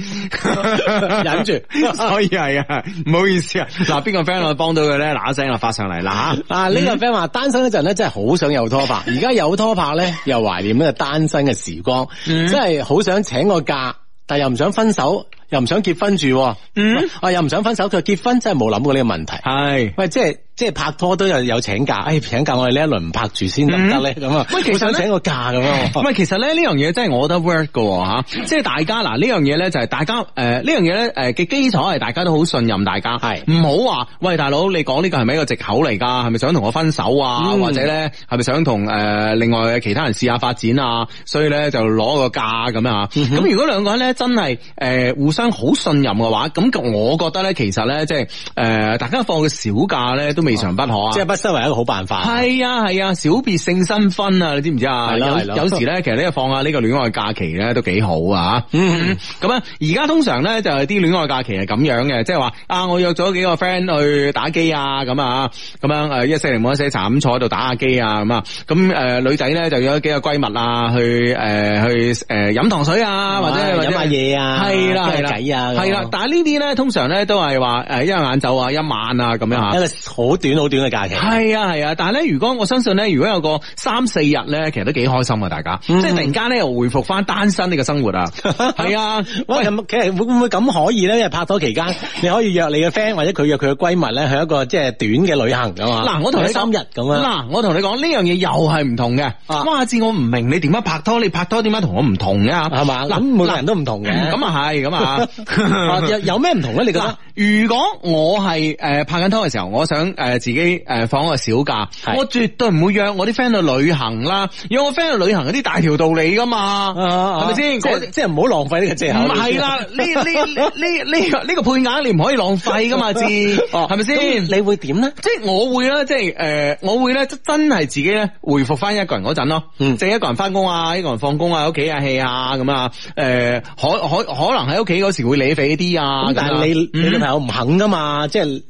忍住，所以係啊，唔好意思啊。嗱，邊個 friend 我幫到佢咧？嗱，一聲啊發上嚟啦吓啊！呢、嗯、個 friend 話單身嗰陣咧，真係好想有拖拍，而家有拖拍咧，又懷念咗單身嘅時光，真係好想請個假，但又唔想分手，又唔想結婚住，嗯啊，又唔想分手，佢結婚真係冇諗過呢個問題係是喂，即係。即係拍拖都有有請假，哎請假，我哋呢一輪唔拍住先得唔得咧？咁啊。喂、嗯，其實我想請個假咁樣。唔係其實咧呢樣嘢真係我覺得 work 噶吓，即、啊、係、就是、大家嗱呢樣嘢咧就係大家誒呢樣嘢咧誒嘅基礎係大家都好信任大家係，唔好話喂，大佬你講呢個係咪一個借口嚟噶？係咪想同我分手啊？嗯、或者咧係咪想同誒、呃、另外其他人試下發展啊？所以咧就攞個假咁樣吓。咁、啊嗯、哼如果兩個人咧真係誒、呃、互相好信任嘅話，咁我覺得咧其實咧即係誒大家放個小假咧都。未嘗不可啊，即係不失為一個好辦法。係啊係啊，小別勝新婚啊，你知唔知啊？係有時咧，其實呢個放下呢個戀愛假期咧都幾好啊。咁啊，而家通常咧就係啲戀愛假期係咁樣嘅，即係話啊，我約咗幾個 friend 去打機啊，咁啊，咁樣誒一四零冇一四茶咁坐喺度打下機啊，咁啊，咁誒女仔咧就約咗幾個閨蜜啊去誒去誒飲糖水啊，或者係飲下嘢啊，係啦係啦，係啦。但係呢啲咧通常咧都係話誒一個晏晝啊，一晚啊咁樣好短好短嘅假期，係啊係啊，但係咧，如果我相信咧，如果有個三四日咧，其實都幾開心啊。大家，即係突然間咧又回復翻單身呢個生活啊，係啊，喂，其實會唔會咁可以咧？因為拍拖期間你可以約你嘅 friend，或者佢約佢嘅閨蜜咧，去一個即係短嘅旅行噶嘛？嗱，我同你三日咁樣。嗱，我同你講呢樣嘢又係唔同嘅。哇至，我唔明你點樣拍拖，你拍拖點解同我唔同嘅，係嘛？咁每個人都唔同嘅，咁啊係咁啊。有有咩唔同咧？你覺得？如果我係誒拍緊拖嘅時候，我想。誒，自己誒放個小假，我絕對唔會約我啲 friend 去旅行啦。約我 friend 去旅行嗰啲大條道理噶嘛，係咪先？即係唔好浪費呢個借口。係啦，呢呢呢呢呢個配額你唔可以浪費噶嘛，至係咪先？你會點呢？即我會啦，即誒我會咧，真係係自己咧回復翻一個人嗰陣咯。即一個人翻工啊，一個人放工啊，喺屋企啊，戲啊咁啊。誒，可可可能喺屋企嗰時會理肥啲啊。但係你你女朋友唔肯噶嘛，即。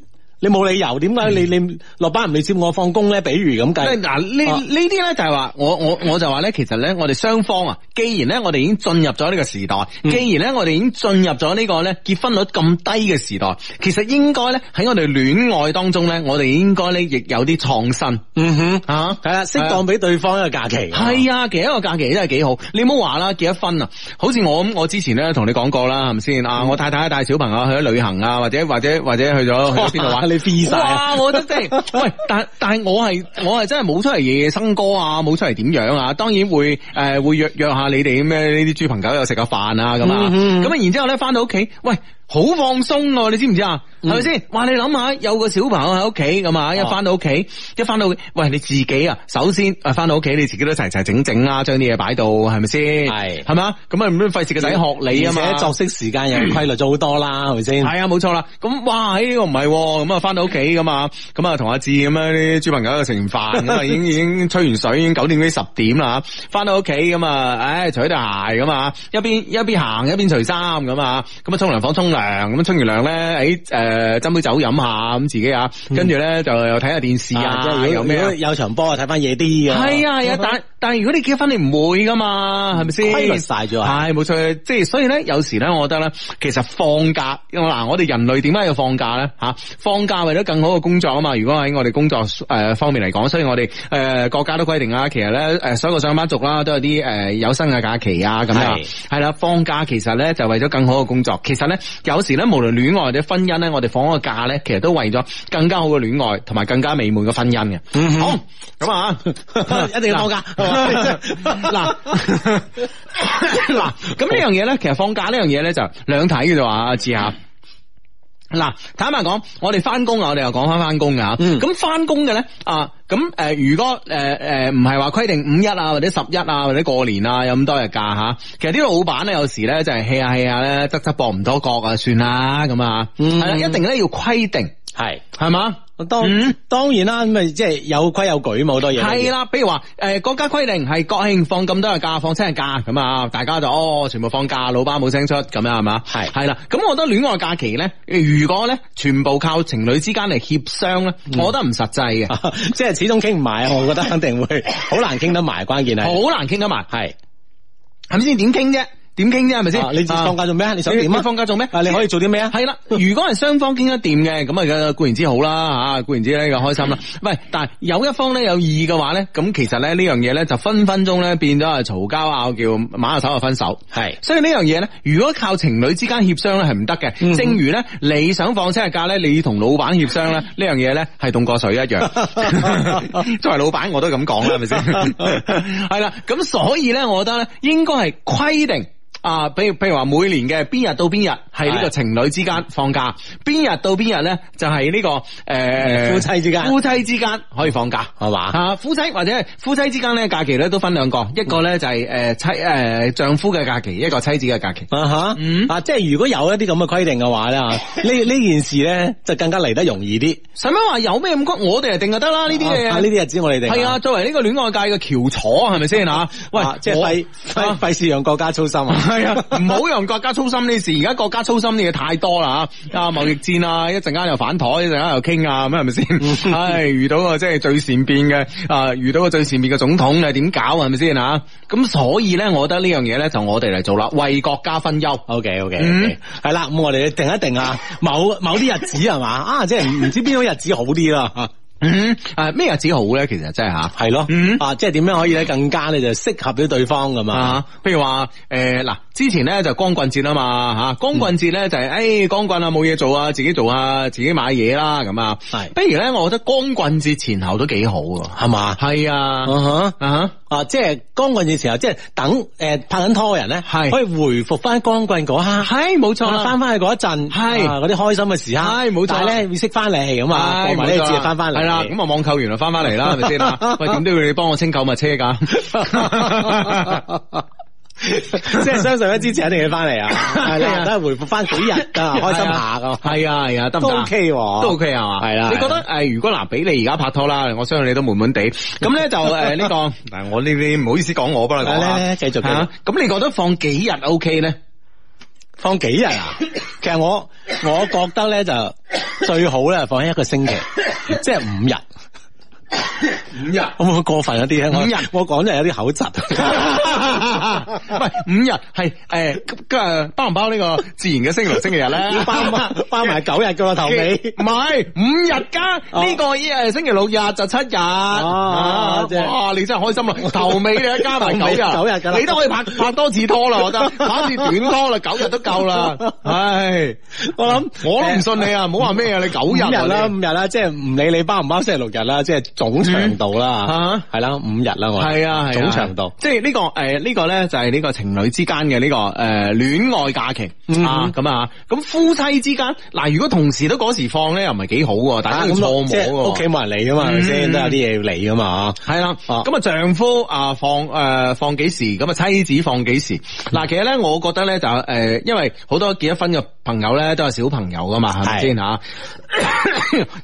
你冇理由，點解你、嗯、你落班唔你接我放工咧？比如咁計，嗱呢呢啲咧就係話，我我我就話咧，其實咧，我哋雙方啊，既然咧我哋已經進入咗呢個時代，嗯、既然咧我哋已經進入咗呢個咧結婚率咁低嘅時代，其實應該咧喺我哋戀愛當中咧，我哋應該咧亦有啲創新。嗯哼，係啦、啊，啊、適當俾對方一個假期。係啊，啊，啊，其實一個假期真係幾好。你冇話啦，結咗婚啊，好似我咁，我之前咧同你講過啦，係咪先啊？嗯、我太太帶小朋友去咗旅行啊，或者或者或者去咗邊度玩？ 啊，我覺真係， 喂，但但係我係我係真係冇出嚟夜夜笙歌啊，冇出嚟點樣啊，當然會誒、呃、會約約下你哋咩呢啲豬朋狗友食下飯啊咁啊，咁啊、嗯哼，然之後咧翻到屋企，喂，好放鬆、啊，你知唔知啊？係咪先？話！嗯、你諗下，有個小朋友喺屋企咁啊，一翻到屋企，一翻到，喂，你自己啊，首先啊，翻到屋企，你自己都齊齊整整啊，將啲嘢擺到，係咪先？係是，係嘛？咁啊，唔好費事個仔學你啊嘛，作息時間又規律咗好多啦，係咪先？係啊，冇錯啦。咁哇，呢、哎這個唔係，咁啊，翻到屋企咁啊，咁啊，同阿志咁樣啲豬朋友食完飯咁，已經已經吹完水，已經九點幾十點啦返翻到屋企咁啊，唉、哎，除對鞋咁啊，一邊一邊行一邊除衫咁啊，咁啊沖涼房沖涼，咁沖完涼咧，誒、欸，誒、呃。誒斟杯酒飲下咁自己啊，跟住咧就睇下電視啊，有咩有場波啊，睇翻夜啲啊，係啊，啊麼但但如果你結婚，你唔會噶嘛，係咪先規律晒咗係冇錯，即係、啊哎、所以咧，有時咧，我覺得咧，其實放假，因為嗱我哋人類點解要放假咧？吓，放假為咗更好嘅工作啊嘛。如果喺我哋工作誒方面嚟講，所以我哋誒國家都規定啦。其實咧誒所有上班族啦，都有啲誒有薪嘅假期啊，咁是啊係啦。放假其實咧就為咗更好嘅工作。其實咧有時咧，無論戀愛或者婚姻咧，我你放嗰個假咧，其實都為咗更加好嘅戀愛，同埋更加美滿嘅婚姻嘅。嗯、哼好，咁啊樣， 一定鬧噶。嗱 ，嗱，咁呢樣嘢咧，其實放假呢樣嘢咧就兩睇嘅就話啊，志啊。嗯嗱，坦白講，我哋翻工啊，我哋又講翻翻工噶吓，咁翻工嘅咧，啊，咁誒，如果誒誒唔係話規定五一啊或者十一啊或者過年啊有咁多日假吓，其實啲老闆咧有時咧就係氣下氣下咧，側側膊唔多角啊，算啦咁啊，係啦、嗯，一定咧要規定，係係嘛。當、嗯、當然啦，咁咪即係有規有矩，冇多嘢。係啦，比如話誒、呃，國家規定係國慶放咁多日假，放七日假咁啊，大家就哦，全部放假，老爸冇聲出，咁樣係嘛？係係啦，咁是我覺得戀愛假期咧，如果咧全部靠情侶之間嚟協商咧，嗯、我覺得唔實際嘅、啊，即係始終傾唔埋，我覺得肯定會好難傾得埋， 關鍵係好難傾得埋，係係咪先點傾啫？點傾啫係咪先？你放假做咩？你想點啊？你你放假你做咩、啊？你可以做啲咩啊？係啦，如果係雙方傾得掂嘅，咁啊固然之好啦，吓，固然之呢，又開心啦。唔係、嗯啊，但係有一方咧有異議嘅話咧，咁其實咧呢樣嘢咧就分分鐘咧變咗係嘈交啊，叫，馬下手啊，分手。係是，所以呢樣嘢咧，如果靠情侶之間協商咧係唔得嘅。嗯、正如咧，你想放七日假咧，你同老闆協商咧，呢樣嘢咧係凍過水一樣。 作為老闆，我都咁講啦，係咪先？係啦，咁所以咧，我覺得咧應該係規定。啊，比如譬如話每年嘅邊日到邊日係呢個情侶之間放假，邊日到邊日咧就係呢個誒夫妻之間，夫妻之間可以放假係嘛？啊夫妻或者夫妻之間咧假期咧都分兩個，一個咧就係誒妻誒丈夫嘅假期，一個妻子嘅假期。嗯，啊，即係如果有一啲咁嘅規定嘅話咧，呢呢件事咧就更加嚟得容易啲。使乜話有咩咁骨？我哋就定就得啦，呢啲嘢。呢啲日子我哋定。係啊，作為呢個戀愛界嘅翹楚，係咪先吓？喂，即係費費費事讓國家操心啊！係啊，唔好讓國家操心呢事。而家國家操心呢嘢太多啦，啊貿易戰啊，一陣間又反台，一陣間又傾啊，咁係咪先？唉、 哎，遇到個即係最善變嘅，啊遇到個最善變嘅、啊、總統你點搞係咪先吓？咁所以咧，我覺得呢樣嘢咧，就我哋嚟做啦，為國家分憂。OK OK，係、okay，啦、嗯，咁我哋定一定啊， 某某啲日子係嘛啊，即係唔知邊種日子好啲啦。嗯，誒、啊，咩日子好咧？其實真係吓，係咯，啊，即係點樣可以咧更加咧就適合對對方噶嘛譬如話誒，嗱，之前咧就光棍節啊嘛，吓、嗯哎，光棍節咧就係誒，光棍啊冇嘢做啊，自己做啊，自己買嘢啦咁啊。係，不是如咧，我覺得光棍節前後都幾好的，係嘛吧？係啊，啊啊哈。啊哈啊，即係光棍嘅時候，即係等誒、呃、拍緊拖嘅人咧，係可以回復翻光棍嗰下。係冇錯，翻翻去嗰一陣，係嗰啲開心嘅時候，係冇錯咧，會識翻嚟咁啊，過埋呢次翻翻嚟，係啦，咁啊網購完就翻翻嚟啦，係咪先啦？喂，點都 要你幫我清購物車噶。 即係相信咧之前一定要翻嚟啊！係啦，都係回復翻幾日，開心下噶。係啊，係啊，得唔得？都 OK，都 OK 啊，係嘛。係啦，你覺得誒？如果嗱，俾你而家拍拖啦，我相信你都悶悶地。咁咧就誒呢個，嗱我呢啲唔好意思講我，幫你講啦。繼續。吓，咁你覺得放幾日 OK 咧？放幾日啊？其實我我覺得咧就最好咧，放喺一個星期，即係五日。五日會唔會過分一啲咧？五日我講真係有啲口窒。喂，五日係誒，包唔包呢個自然嘅星期六星期日咧？包唔包埋九日噶喎，頭尾，唔係五日加呢個星期六日就七日。哇，你真係開心啊！頭尾加埋九日，九日噶啦，你都可以拍拍多次拖啦，我得拍次短拖啦，九日都夠啦。唉，我諗我都唔信你啊！唔好話咩啊，你九日五日啦，五日啦，即係唔理你包唔包星期六日啦，即係。總長度啦，係啦，五日啦，我係啊，總長度，即係呢個誒，呢個咧就係呢個情侶之間嘅呢個誒戀愛假期啊，咁啊，咁夫妻之間，嗱如果同時都嗰時放咧，又唔係幾好，大家要錯唔好，屋企冇人理啊嘛，係咪先？都有啲嘢要嚟噶嘛，係啦，咁啊，丈夫啊放誒放幾時？咁啊，妻子放幾時？嗱，其實咧，我覺得咧就誒，因為好多結咗婚嘅朋友咧，都係小朋友噶嘛，係咪先吓，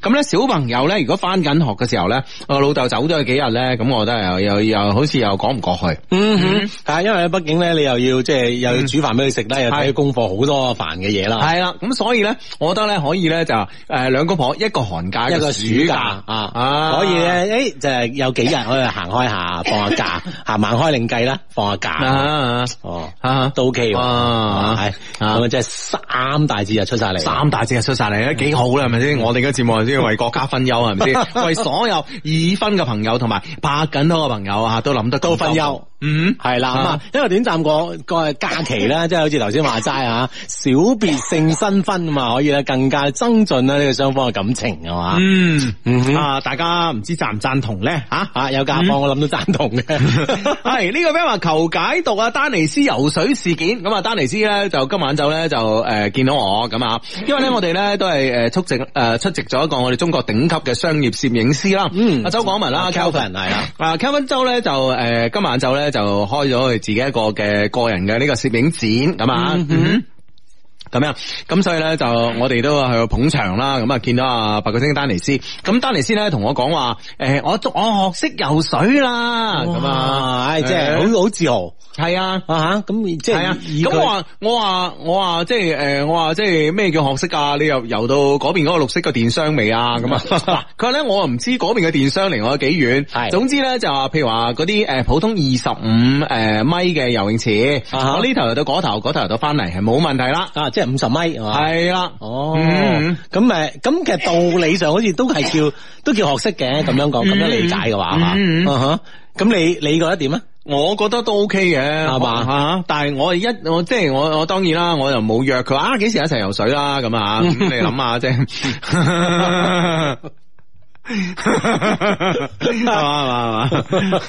咁咧小朋友咧，如果翻緊學嘅時候咧。我老豆走咗幾日咧，咁我覺得又又又好似又講唔過去。嗯哼，但係因為咧，畢竟咧，你又要即係又要煮飯俾佢食啦，又睇佢功課好多煩嘅嘢啦。係啦，咁所以咧，我覺得咧可以咧就誒兩公婆一個寒假一個暑假啊，可以咧誒就係有幾日可以行開下，放下假，行埋開另計啦，放下假。哦，都 OK 喎，係咁啊，即係三大節日出晒嚟，三大節日出晒嚟，幾好啦，係咪先？我哋嘅節目係先為國家分憂，係咪先？為所有。已婚嘅朋友同埋拍緊拖嘅朋友啊，都諗得到分憂。嗯，係啦，因為短暫個假期咧，即係好似頭先話齋小別勝新婚啊嘛，可以咧更加增進咧呢個雙方嘅感情嘛。嗯，啊，大家唔知贊唔贊同咧？吓吓，有家幫我諗到贊同嘅。係呢個咩話求解讀啊？丹尼斯游水事件咁啊，丹尼斯咧就今晚就咧就誒見到我咁啊，因為咧我哋咧都係誒出席誒出席咗一個我哋中國頂級嘅商業攝影師啦。阿周廣文啦，Calvin 係啊。啊 Calvin 周咧就誒今晚就咧。就開咗佢自己一個嘅個人嘅呢個攝影展，咁啊、嗯哼。嗯咁樣，咁所以咧就我哋都去捧場啦。咁啊，見到啊白巨星丹尼斯，咁丹尼斯咧同我講話，誒、欸，我我學識游水啦，咁啊，即係好自豪。係啊，吓咁即係，咁、啊、他我我話我話即係，誒，我話即係咩叫學識 啊？你又游到嗰邊嗰個綠色嘅電箱未啊？咁啊，佢話咧，我唔知嗰邊嘅電箱離我幾遠。總總之咧就譬如話嗰啲誒普通二十五誒米嘅游泳池，啊、我呢頭游到嗰頭，嗰頭游到翻嚟係冇問題啦。啊，五十米係啦，哦，咁誒，咁其實道理上好似都係叫，都叫學識嘅，咁樣講，咁樣理解嘅話，係嘛？咁你你覺得點啊？我覺得都 OK 嘅，係嘛？吓，但係我一我即係我我當然啦，我又冇約佢啊，幾時一齊游水啦？咁啊，咁你諗下啫。係嘛，係嘛，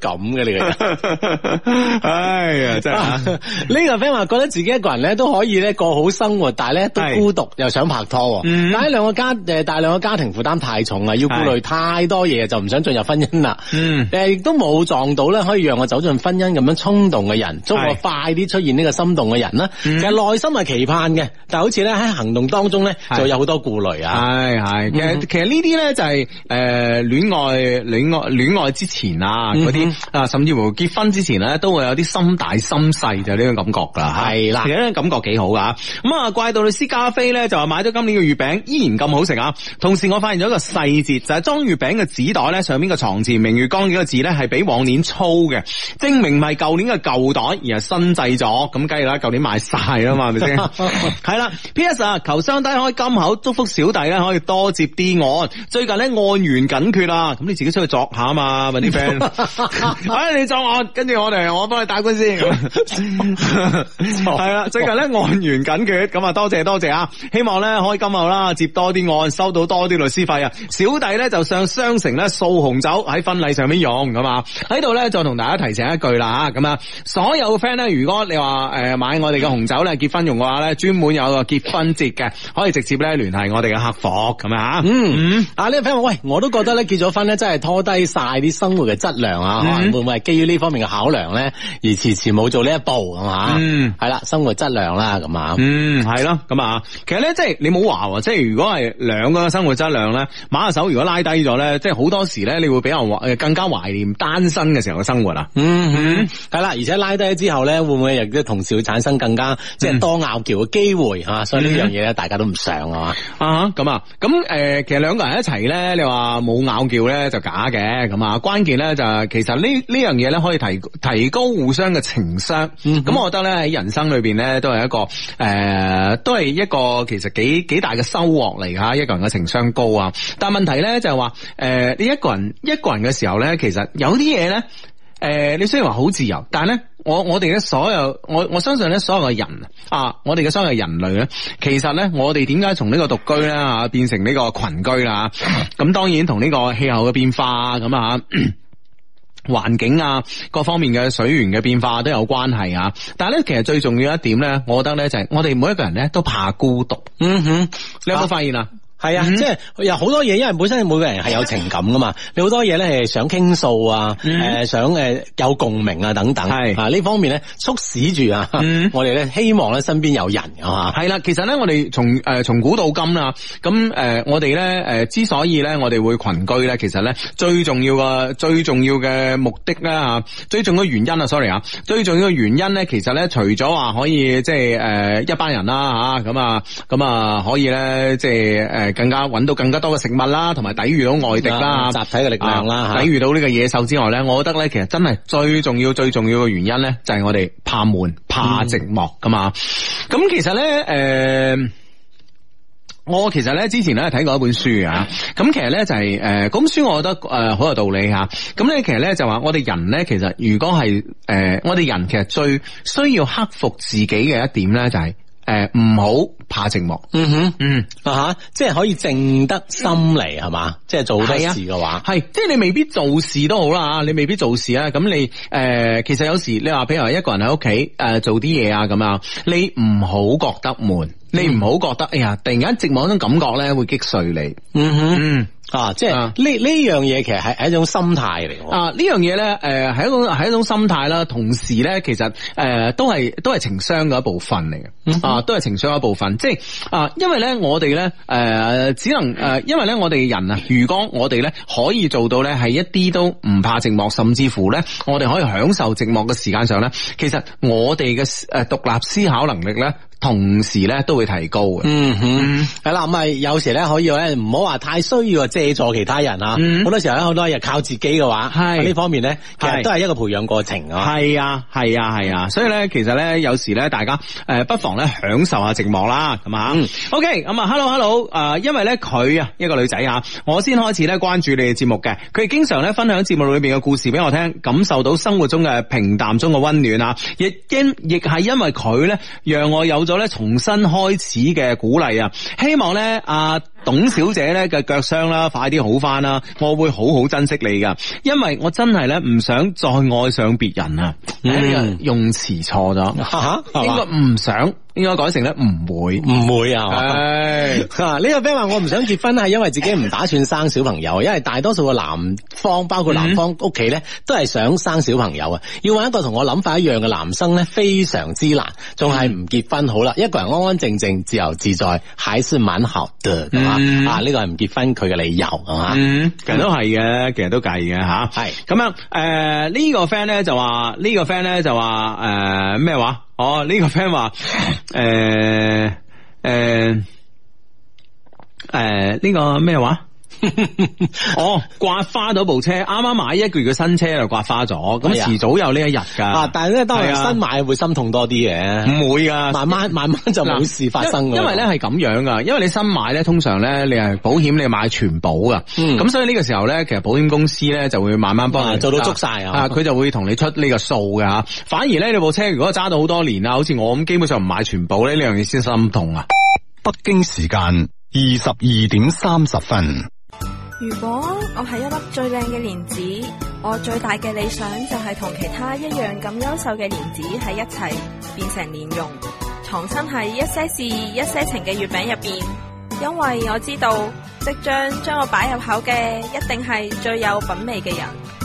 咁嘅你個人， 哎呀真係、啊！呢 個朋友話覺得自己一個人咧都可以咧過好生活，但係咧都孤獨，是 又想拍拖。嗯、但係兩個家，誒，但係兩個家庭負擔太重啦，要顧慮太多嘢，是 就唔想進入婚姻啦。嗯，誒亦都冇撞到咧，可以讓我走進婚姻咁樣衝動嘅人，祝我快啲出現呢個心動嘅人啦。是 嗯、其實內心係期盼嘅，但係好似咧喺行動當中咧就有好多顧慮啊。係係，其實其實呢啲咧。就係、是、誒、戀、呃、愛、戀愛、戀愛之前啊，嗰啲啊，甚至乎結婚之前咧、啊，都會有啲心大心細嘅呢種感覺、嗯、哼是啦。係啦，其實呢種感覺幾好噶咁啊，怪盜律師加菲咧就話買咗今年嘅月餅依然咁好食啊。同時我發現咗一個細節，就係、是、裝月餅嘅紙袋咧，上面嘅床前明月光幾個字咧係比往年粗嘅，證明唔係舊年嘅舊袋，而係新製咗。咁梗係啦，舊年賣晒啊嘛，係咪先？係 啦。P.S. 啊，求上帝開金口，祝福小弟咧可以多接啲案。最近呢，案源緊缺啦，咁你自己出去作下啊嘛，問啲 friend。你作我，跟住我哋，我幫你打官司。係啦，最近呢，案源緊缺，咁啊多謝多謝啊！希望咧可以今後啦接多啲案，收到多啲律師費啊！小弟咧就上商城咧掃紅酒喺婚禮上面用咁啊。喺度咧就同大家提醒一句啦，吓咁啊，所有 friend 咧，如果你話誒買我哋嘅紅酒咧結婚用嘅話咧，專門有個結婚節嘅，可以直接咧聯繫我哋嘅客服咁啊。嗯。嗯喂，我都覺得咧結咗婚咧，真係拖低晒啲生活嘅質量啊！嗯、會唔會係基於呢方面嘅考量咧，而遲遲冇做呢一步係嘛？嗯，係啦，生活質量啦，咁啊，嗯，係咯樣，咁啊，其實咧，即係你冇話，即係如果係兩個生活質量咧，馬下手如果拉低咗咧，即係好多時咧，你會比較更加懷念單身嘅時候嘅生活啊、嗯！嗯，係啦，而且拉低之後咧，會唔會亦都同時會產生更加即係多拗撬嘅機會吓？嗯、所以呢樣嘢咧，大家都唔想、嗯、啊！啊，咁啊，咁誒，其實兩個人一齊。嚟咧，你話冇拗撬咧，就假嘅。咁啊關鍵咧，就其實呢呢樣嘢咧，可以提提高互相嘅情商，咁、嗯、哼我覺得咧喺人生裏邊咧都係一個誒、呃、都係一個其實幾幾大嘅收穫嚟吓，一個人嘅情商高啊，但係問題咧就係話誒你一個人一個人嘅時候咧，其實有啲嘢咧。誒、呃，你雖然話好自由，但係咧，我我哋咧所有我我相信咧所有嘅人啊，我哋嘅所有人類咧，其實咧，我哋點解從呢個獨居咧啊，變成呢個群居啦？咁、啊、當然同呢個氣候嘅變化咁啊， 環境啊各方面嘅水源嘅變化都有關係啊。但係咧，其實最重要一點咧，我覺得咧就係、是、我哋每一個人咧都怕孤獨。嗯哼，你有冇發現啊？係啊，mm hmm. 即係有好多嘢，因為本身每個人係有情感噶嘛，你好多嘢咧係想傾訴啊，誒、mm hmm. 呃，想誒有共鳴啊等等，係是啊呢方面咧促使住啊，mm hmm. 我哋咧希望咧身邊有人啊，係啦、啊，其實咧我哋從誒從古到今啊，咁、呃、誒我哋咧誒之所以咧我哋會群居咧，其實咧最重要嘅，最重要嘅目的咧吓，最重要嘅、啊、原因啊，Sorry 啊，最重要嘅原因咧，其實咧除咗話可以即係誒一班人啦吓，咁啊咁啊可以咧即係誒。就是更加揾到更加多嘅食物啦，同埋抵禦到外敵啦，集體嘅力量啦，抵禦到呢個野獸之外咧，啊、我覺得咧，其實真係最重要、最重要嘅原因咧，就係我哋怕悶、怕寂寞噶嘛。咁其實咧，誒、呃，我其實咧之前咧睇過一本書啊，咁其實咧就係、係、誒，呃、本書我覺得誒好、呃、有道理吓。咁咧其實咧就話我哋人咧，其實如果係誒、呃、我哋人其實最需要克服自己嘅一點咧、就係，就係。誒，唔好、呃、怕寂寞。嗯哼，嗯，啊吓，即係可以靜得心嚟，係嘛？即係做好多事嘅話，係，即係你未必做事都好啦啊，你未必做事啊，咁你誒、呃，其實有時你話，譬如話一個人喺屋企誒，做啲嘢啊咁啊，你唔好覺得悶，嗯、你唔好覺得，哎呀，突然間寂寞嗰種感覺咧，會擊碎你。嗯哼。嗯啊，即係呢呢樣嘢，啊、其實係係一種心態嚟嘅。啊，呢樣嘢咧，誒，係一種係一種心態啦。同時咧，其實誒、呃、都係都係情商嘅一部分嚟嘅。嗯、哼啊，都係情商一部分。即係啊，因為咧，我哋咧，誒，只能誒、呃，因為咧，我哋人啊，如果我哋咧可以做到咧，係一啲都唔怕寂寞，甚至乎咧，我哋可以享受寂寞嘅時間上咧，其實我哋嘅誒獨立思考能力咧。同時咧都會提高嘅、嗯。嗯哼，係啦，咁啊有時咧可以咧唔好話太需要啊借助其他人啊。好、嗯、多時候咧好多日靠自己嘅話，喺呢是方面咧，其實都係一個培養過程啊。係啊，係啊，係啊，所以咧其實咧有時咧大家誒不妨咧享受一下寂寞啦，咁啊嗯。OK，咁啊，Hello Hello，誒，因為咧佢啊一個女仔啊，我先開始咧關注你哋節目嘅，佢經經常咧分享節目裏邊嘅故事俾我聽，感受到生活中嘅平淡中嘅溫暖啊。亦因亦係因為佢咧，讓我有。咗咧，重新開始嘅鼓勵啊，希望咧啊。董小姐咧嘅腳傷啦，快啲好翻啦！我會好好珍惜你噶，因為我真係咧唔想再愛上別人啊！用詞錯咗，應該唔想，應該改成咧唔會，唔會啊！呢個咩話？ 我唔想結婚係因為自己唔打算生小朋友，因為大多數嘅男方，包括男方屋企咧，都係想生小朋友啊！要揾一個同我諗法一樣嘅男生咧，非常之難，仲係唔結婚好啦，嗯、一個人安安靜靜、自由自在，還是蠻好嘅。嗯嗯、啊，呢個係唔結婚佢嘅理由係嘛？嗯，嗯，其實都係嘅，其實都計嘅吓，係，咁樣，誒、呃、呢個 friend 咧就話呢個 friend 咧就話誒咩話？哦，呢個 friend 話誒誒誒呢個咩話？哦，刮花咗部車，啱啱買一個月嘅新車就刮花咗，咁遲早有呢一日噶。但係咧都係新買會心痛多啲嘅，唔會噶，慢慢慢慢就冇事發生。因為咧係咁樣噶，因為你新買咧，通常咧你係保險你買全保噶，咁所以呢個時候咧，其實保險公司咧就會慢慢幫你做到捉晒啊。佢就會同你出呢個數嘅。反而咧，你部車如果揸到好多年啊，好似我咁，基本上唔買全保咧，呢樣嘢先心痛啊。北京時間二十二點三十分。如果我係一粒最靚嘅蓮子，我最大嘅理想就係同其他一樣咁優秀嘅蓮子喺一齊變成蓮蓉，藏身喺一些事、一些情嘅月餅入邊。因為我知道，即將將我擺入口嘅一定係最有品味嘅人。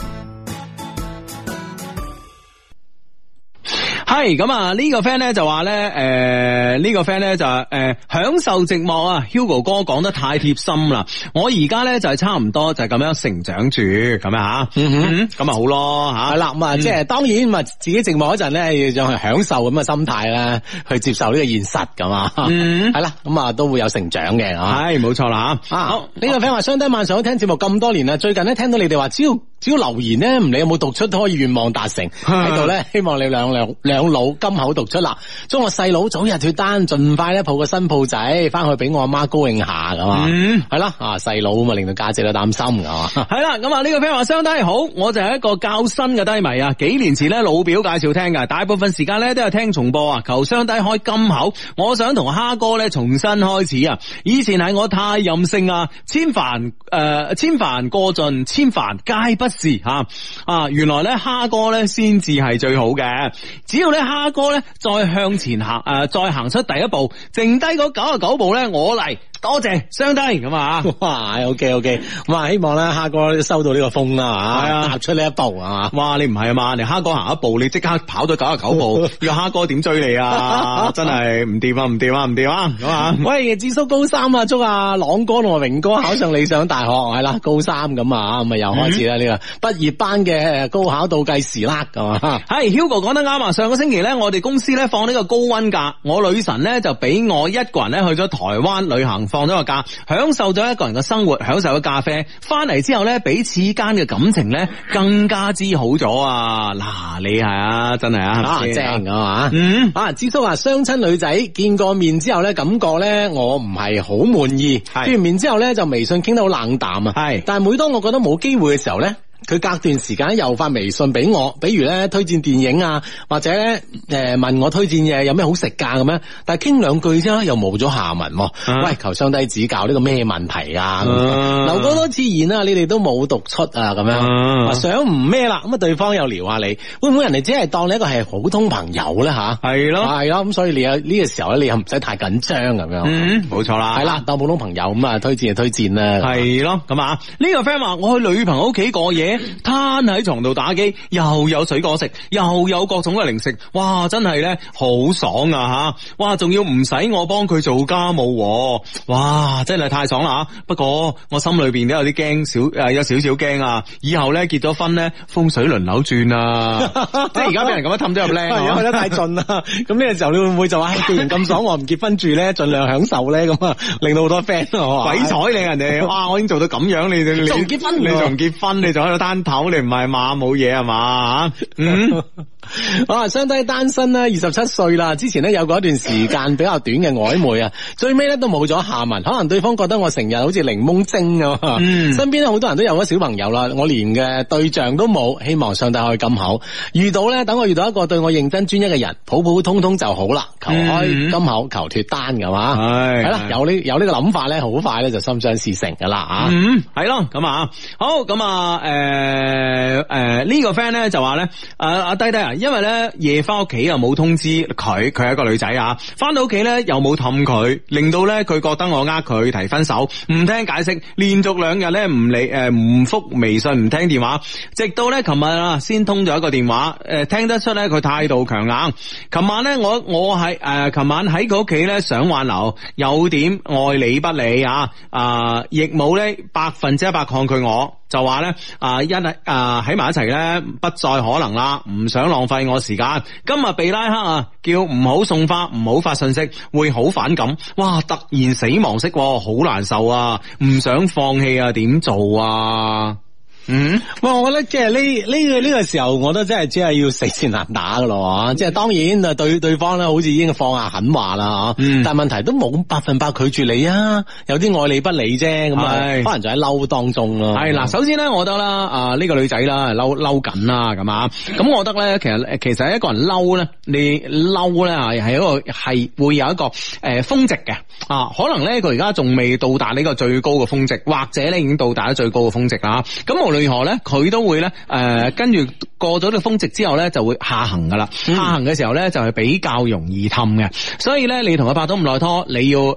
係咁啊！呢、這個 friend 咧就話咧，誒、呃，呢、這個 friend 咧就誒、呃，享受寂寞啊！Hugo 哥講得太貼心啦！我而家咧就係差唔多就係咁樣成長住咁樣吓，咁啊、嗯、哼好咯吓。嗱咁啊，即係當然，咪自己寂寞嗰陣咧，要就去享受咁嘅心態啦，去接受呢個現實噶嘛。係啦、嗯，咁啊都會有成長嘅。係，冇錯啦。好，呢、啊、個 friend 話，相、嗯、低晚上都聽節目咁多年啦，最近咧聽到你哋話，只要只要留言咧，唔理有冇讀出，都可以願望達成喺度咧。希望你兩兩兩。老金口讀出啦，將我細佬早日脫單，盡快咧抱個新抱仔，翻去俾我阿媽高興下咁、嗯、啊，係啦啊細佬咁啊令到家姐都擔心噶，係啦咁啊呢個 friend 話雙低好，我就係一個較新嘅低迷啊，幾年前呢，老表介紹聽噶，大部分時間咧都有聽重播啊，求雙低開金口，我想同蝦哥咧重新開始啊，以前係我太任性、呃、啊，千帆誒千帆過盡千帆皆不是吓啊，原來咧蝦哥咧先至係最好嘅，只要。哥呢蝦哥咧，再向前行，誒、呃，再行出第一步，剩低嗰九啊九步咧，我嚟。多謝，兄弟咁啊！哇，OK OK，咁啊，希望咧，蝦哥收到呢個風啦、啊，吓踏出呢一步啊！哇，你唔係啊嘛，你蝦哥行一步，你即刻跑到九啊九步，要蝦 哥點追你啊？ 真係唔掂啊，唔掂啊，唔掂啊！咁啊， 喂，智叔高三啊，祝啊，朗哥同阿榮哥考上理想大學，係啦， 高三咁啊，咁咪又開始啦呢、嗯，這個畢業班嘅高考倒計時啦，咁啊， 係 Hugo 講得啱啊，上個星期咧，我哋公司咧放呢個高溫假，我女神咧就俾我一個人咧去咗台灣旅行。放咗個假，享受咗一個人嘅生活，享受咗咖啡，翻嚟之後咧，彼此間嘅感情咧更加之好咗啊！嗱、啊，你係啊，真係啊，正噶嘛？嗯，阿志叔話相親女仔見過面之後咧，感覺咧我唔係好滿意，是見完面之後咧就微信傾得好冷淡啊。係是，但係每當我覺得冇機會嘅時候咧。佢隔段時間又發微信俾我，比如咧推薦電影啊，或者誒問我推薦嘢有咩好食噶咁樣，但係傾兩句啫，又冇咗下文。嗯、喂，求上帝指教呢個咩問題啊？劉哥、嗯、多自然啊，你哋都冇讀出啊，咁樣、嗯、想唔咩啦？咁啊，對方又撩下你，會唔會人哋只係當你一個係普通朋友咧吓？係咯的，係咯，咁所以你有呢個時候咧，你又唔使太緊張咁樣，冇錯啦。係、嗯、啦，當普通朋友咁的啊，推薦就推薦啦。係咯，咁啊，呢個 friend 話我去女朋友屋企過夜。攤喺床度打機，又有水果食，又有各種嘅零食，哇！真係咧好爽啊吓，哇！仲要唔使我幫佢做家務，哇！真係太爽啦吓。不過我心裏邊都有啲驚，小誒有少少驚啊。以後咧結咗婚咧，風水輪流轉啊！即係而家俾人咁樣氹咗又靚，去得太盡啦。咁呢個時候你會唔會就話，既然咁爽，我唔結婚住咧，盡量享受咧，咁啊令到好多 friend，鬼睬你人哋哇！我已經做到咁樣，你你仲結婚？你仲唔結婚？你就喺度？單頭，你唔係嘛，冇嘢係嘛，嗯，我啊，相睇單身啦，二十七歲啦，之前呢，有過一段時間比較短嘅曖昧啊， 最尾呢都冇咗下文，可能對方覺得我成日好似檸檬精咁，嗯、身邊好多人都有咗小朋友啦，我連嘅對象都冇，希望上帝開金口，遇到呢，等我遇到一個對我認真專一嘅人，普普通通就好啦，求開金口，求脫單噶嘛，係、嗯，係啦，有呢有呢個諗法呢，好快呢就心想事成噶啦，啊、嗯，係咯，咁啊，好，咁啊，誒、欸。誒誒，呢、呃呃這個 friend 咧就話咧，誒、呃、阿低低啊，因為咧夜翻屋企又冇通知佢，佢係一個女仔啊，翻到屋企咧又冇氹佢，令到咧佢覺得我呃佢提分手，唔聽解釋，連續兩日咧唔理誒唔覆微信，唔聽電話，直到咧琴日啊先通咗一個電話，誒、呃、聽得出咧佢態度強硬。琴晚咧我我喺誒琴晚喺佢屋企咧想挽留，有點愛理不理啊，啊、呃、亦冇咧百分之一百抗拒我。就話咧啊，啊一啊喺埋一齊咧不再可能啦，唔想浪費我時間。今日被拉黑啊，叫唔好送花，唔好發信息，會好反感。哇！突然死亡式、啊，好難受啊，唔想放棄啊，點做啊？嗯，哇！我覺得即係呢呢個呢個時候，我都真係真係要死纏爛打噶咯，即係當然啊，對對方咧，好似已經放下狠話啦，嗯、但問問題都冇百分百拒絕你啊，有啲愛理不理啫，咁的可能就喺嬲當中咯。係嗱，首先咧、這個，我覺得啦，啊呢個女仔啦嬲嬲緊啦，咁啊，咁我覺得咧，其實其實一個人嬲咧，你嬲咧啊，係一個係會有一個誒峰值嘅啊，可能咧佢而家仲未到達呢個最高嘅峰值，或者咧已經到達咗最高嘅峰值啦，咁如何咧，佢都會咧，誒、呃，跟住過咗呢個峰值之後咧，就會下行噶啦。嗯、下行嘅時候咧，就係比較容易氹嘅。所以咧，你同佢拍咗咁耐拖，你要誒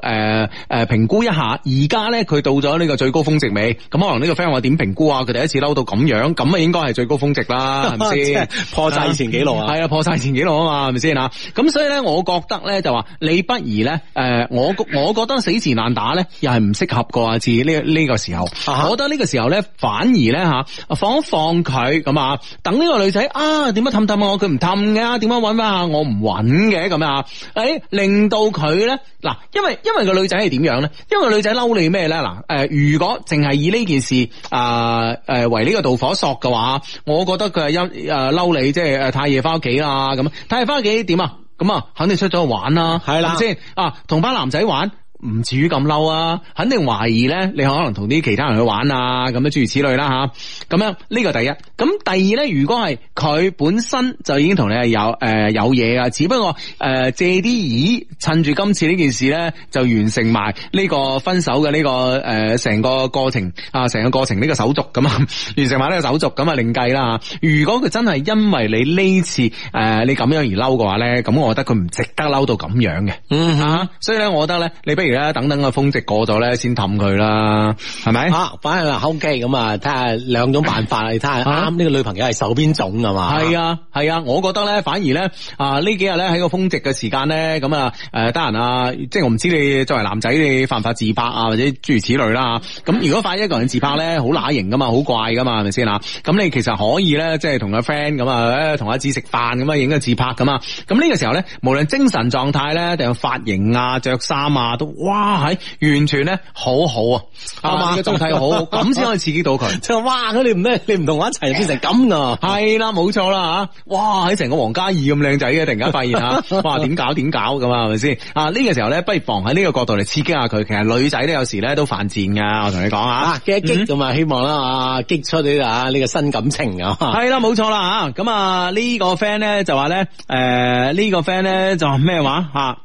誒評估一下，而家咧佢到咗呢個最高峰值未？咁可能呢個 friend 話點評估啊？佢第一次嬲到咁樣，咁啊應該係最高峰值啦，係咪先？破晒以前紀錄啊！係啊，破晒以前紀錄啊嘛，係咪先啊？咁、啊啊、所以咧、呃，我覺得咧就話，你不如咧，誒，我我覺得死纏爛打咧，又係唔適合過啊。次呢呢個時候。啊、哈我覺得呢個時候咧，反而咧。吓，放一放佢咁啊，等呢個女仔啊，點樣氹氹我？佢唔氹嘅，點樣搵翻啊？我唔搵嘅，咁啊，誒，令到佢咧，嗱，因為因為個女仔係點樣咧？因為個女仔嬲你咩咧？嗱，誒，如果淨係以呢件事、呃呃、為誒為呢個導火索嘅話，我覺得佢係因誒嬲你，即係誒太夜翻屋企啊咁啊，太夜翻屋企點啊？咁啊，肯定出咗去了玩啦，係啦的，先啊，同班男仔玩。唔至於咁嬲啊，肯定懷疑咧，你可能同啲其他人去玩啊，咁樣諸如此類啦吓，咁樣呢個第一，咁第二咧，如果係佢本身就已經同你係有、呃、有嘢啊，只不過、呃、借啲意，趁住今次呢件事咧，就完成埋呢個分手嘅呢個、呃、成個過程啊，成個過程呢個手續咁啊，完成埋呢個手續咁啊另計啦吓，如果佢真係因為你呢次、呃、你咁樣而嬲嘅話咧，咁我覺得佢唔值得嬲到咁樣嘅。嗯吓，所以咧，我覺得咧、嗯哼啊，你不如。等等個峰值過咗咧，先氹佢啦，係咪？啊，反正啊，OK，咁啊，睇下兩種辦法，你睇下啱呢個女朋友係受邊種噶嘛？係啊，係啊，啊，我覺得咧，反而咧啊，呢幾日咧喺個峰值嘅時間咧，咁啊，誒，得閒啊，即係我唔知你作為男仔你犯唔犯自拍啊，或者諸如此類啦。咁如果犯一個人自拍咧，好乸型噶嘛，好怪噶嘛，係咪先啊？咁你其實可以咧，即係同個 friend 咁啊，同一啲食飯咁啊，影個自拍噶嘛。咁呢個時候咧，無論精神狀態咧，定髮型啊、着衫啊，都。哇，係完全咧，好好啊，阿嘛，嘅狀態好，吧好，咁先 可以刺激到佢。就哇，佢你唔咩，你唔同我一齊就變成咁啊，係啦， 冇錯啦吓。哇，喺成個王嘉儀咁靚仔嘅，突然間發現吓， 哇，點搞點搞咁 啊？係咪先啊？呢個時候咧，不如從喺呢個角度嚟刺激下佢。其實女仔咧，有時咧都犯賤噶。我同你講吓，嘅激咁啊，嗯、希望啦啊，激出你啊呢個新感情啊。係啦， 冇錯啦吓。咁啊呢、這個 friend 咧就話咧，誒、呃、呢、這個 friend 咧就咩話吓。啊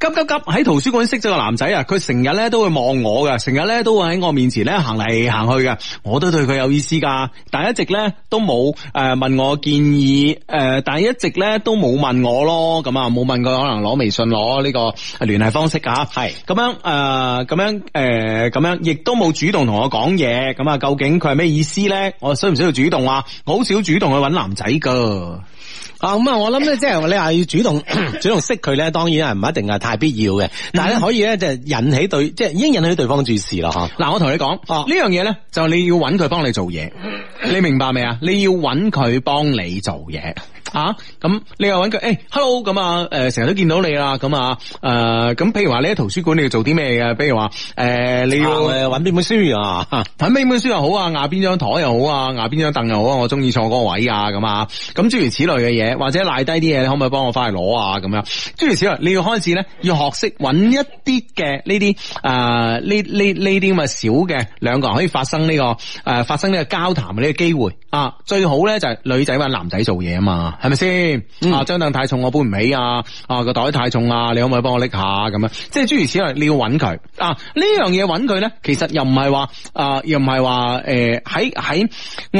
急急急！喺圖書館識咗個男仔啊，佢成日咧都會望我㗎，成日咧都會喺我面前咧行嚟行去㗎。我都對佢有意思噶，但係一直咧都冇誒，問我建議，誒，但係一直咧都冇問我咯，咁啊冇問佢可能攞微信攞呢個聯繫方式㗎。係咁樣誒咁樣誒咁樣，亦都冇主動同我講嘢，咁啊究竟佢係咩意思咧？我需唔需要主動啊？我好少主動去搵男仔噶。啊，咁啊、嗯，我諗咧，即係你話要主動主動識佢咧，當然係唔一定係太必要嘅，但係咧可以咧，就引起對，嗯、即係已經引起對方注視咯，吓、嗯。嗱，我同你講，啊，呢樣嘢咧，就你要揾佢幫你做嘢，你明白未啊？你要揾佢幫你做嘢。啊，咁你又揾佢？誒，hello，咁啊，誒、hey，成、呃、日都見到你啦，咁啊，誒，咁譬如話你喺圖書館你要做啲咩嘅？譬如話，誒，呃啊、你要揾邊本書啊？睇邊、啊本，啊啊、本書又好啊，挨邊張檯又好啊，挨邊張凳又好啊，我中意坐嗰個位啊，咁啊，咁諸如此類嘅嘢，或者賴低啲嘢，你可唔可以幫我翻去攞啊？咁樣諸如此類，你要開始咧，要學識揾一啲嘅呢啲，誒，呢呢呢啲咁嘅小嘅兩個人可以發生呢、這個，誒、呃，發生呢個交談嘅呢個機會啊，最好咧就係、是、女仔揾男仔做嘢啊嘛。係咪先？是是嗯、啊，張凳太重，我搬唔起啊！啊，個袋太重啊！你可唔可以幫我拎下咁樣？即係諸如此類，你要揾佢啊！這個，呢樣嘢，揾佢咧，其實又唔係話啊，又唔係話誒，喺、呃、喺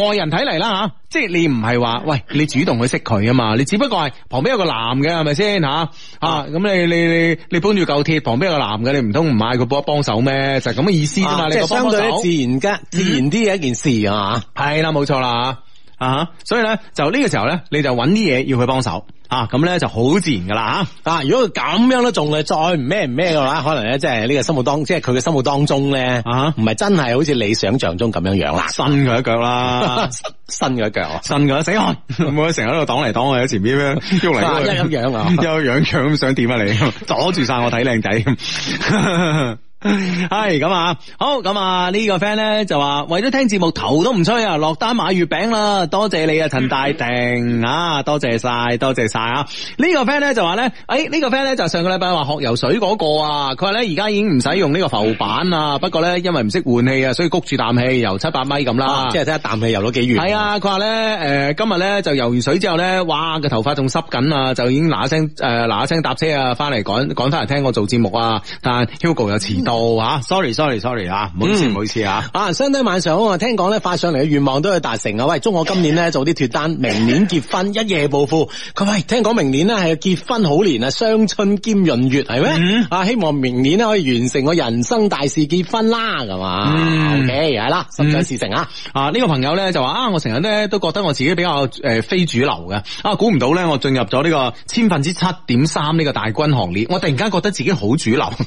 外人睇嚟啦吓，即係你唔係話喂，你主動去識佢啊嘛？你只不過係旁邊有個男嘅，係咪先吓？啊，咁、嗯啊，你你你你，你搬住嚿鐵，旁邊有個男嘅，你唔通唔嗌佢幫一幫手咩？就係咁嘅意思啫嘛。你係、啊、相對自然嘅、嗯、自然啲嘅一件事啊，係、嗯、啦，冇錯啦。啊，所以咧，就呢個時候咧，你就揾啲嘢要佢幫手啊！咁咧就好自然噶啦吓啊！如果佢咁樣都仲嘅，再唔咩唔咩嘅話，可能咧即係呢個心目當，即係佢嘅心目當中咧啊，唔係真係好似你想象中咁樣樣啦，伸佢一腳啦，伸佢一腳，伸佢死開，唔好成日喺度擋嚟擋去喺前邊咁樣喐嚟喐去，又樣啊，又樣咁想點啊你，阻住晒我睇靚仔係咁啊，好咁啊、這個、呢個 friend 咧就話為咗聽節目頭都唔吹啊，落單買月餅啦，多謝你啊陳大定啊，多謝晒，多謝晒啊、這個、fan 呢、欸這個 friend 咧就話咧，誒呢個 friend 咧就上個禮拜話學游水嗰個啊，佢話咧而家已經唔使用呢個浮板啊。不過咧因為唔識換氣啊，所以谷住啖氣游七百米咁啦、啊啊，即係睇下啖氣游咗幾遠。係啊，佢話咧誒今日咧就游完水之後咧，哇個頭髮仲濕緊啊，就已經嗱一聲誒嗱聲搭車啊翻嚟趕趕翻嚟聽我做節目啊，但 Hugo 有遲到。哦，sorry, sorry, sorry, 吓，唔好意思，唔好意思啊，相睇晚上我聽講咧，發上嚟嘅願望都係達成啊。喂，祝我今年咧早啲脫單， 明年結婚，一夜暴富。佢、啊、喂，聽講明年咧係結婚好年啊，雙春兼閏月係咩？是 mm. 啊，希望明年咧可以完成我人生大事結婚啦，咁嘛？O K，係啦，心想事成、mm. 啊、這個。啊，呢個朋友咧就話啊，我成日咧都覺得我自己比較誒、呃、非主流嘅。啊，估唔到咧我進入咗呢、這個千分之七點三呢個大軍行列，我突然間覺得自己好主流。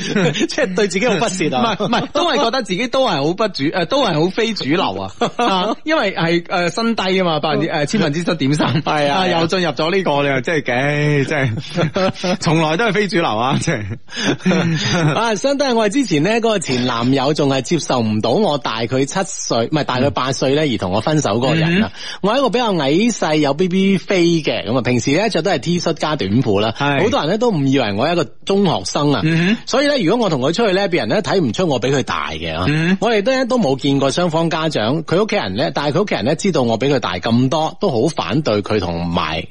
即係 對自己好不屑啊！唔係唔係，都係覺得自己都係好不主誒，都係好非主流啊！啊，因為係誒新低啊嘛，百分之誒千分之七點三係啊，啊又進入咗呢、這個 你又真係嘅、哎，真係從來都係非主流啊！即係啊身低，我係之前呢嗰、那個前男友仲係接受唔到我大佢七歲，唔係大佢八歲咧而同我分手嗰個人啊！嗯、哼我係一個比較矮細有 B B 飛嘅，咁啊平時咧着都係 T 恤加短褲啦，好是多人咧都誤以為我係一個中學生啊，嗯、哼所以。即係如果我同佢出去咧，別人咧睇唔出我比佢大嘅。嗯、我哋都都冇見過雙方家長。佢屋企人咧，但係佢屋企人咧知道我比佢大咁多，都好反對佢同埋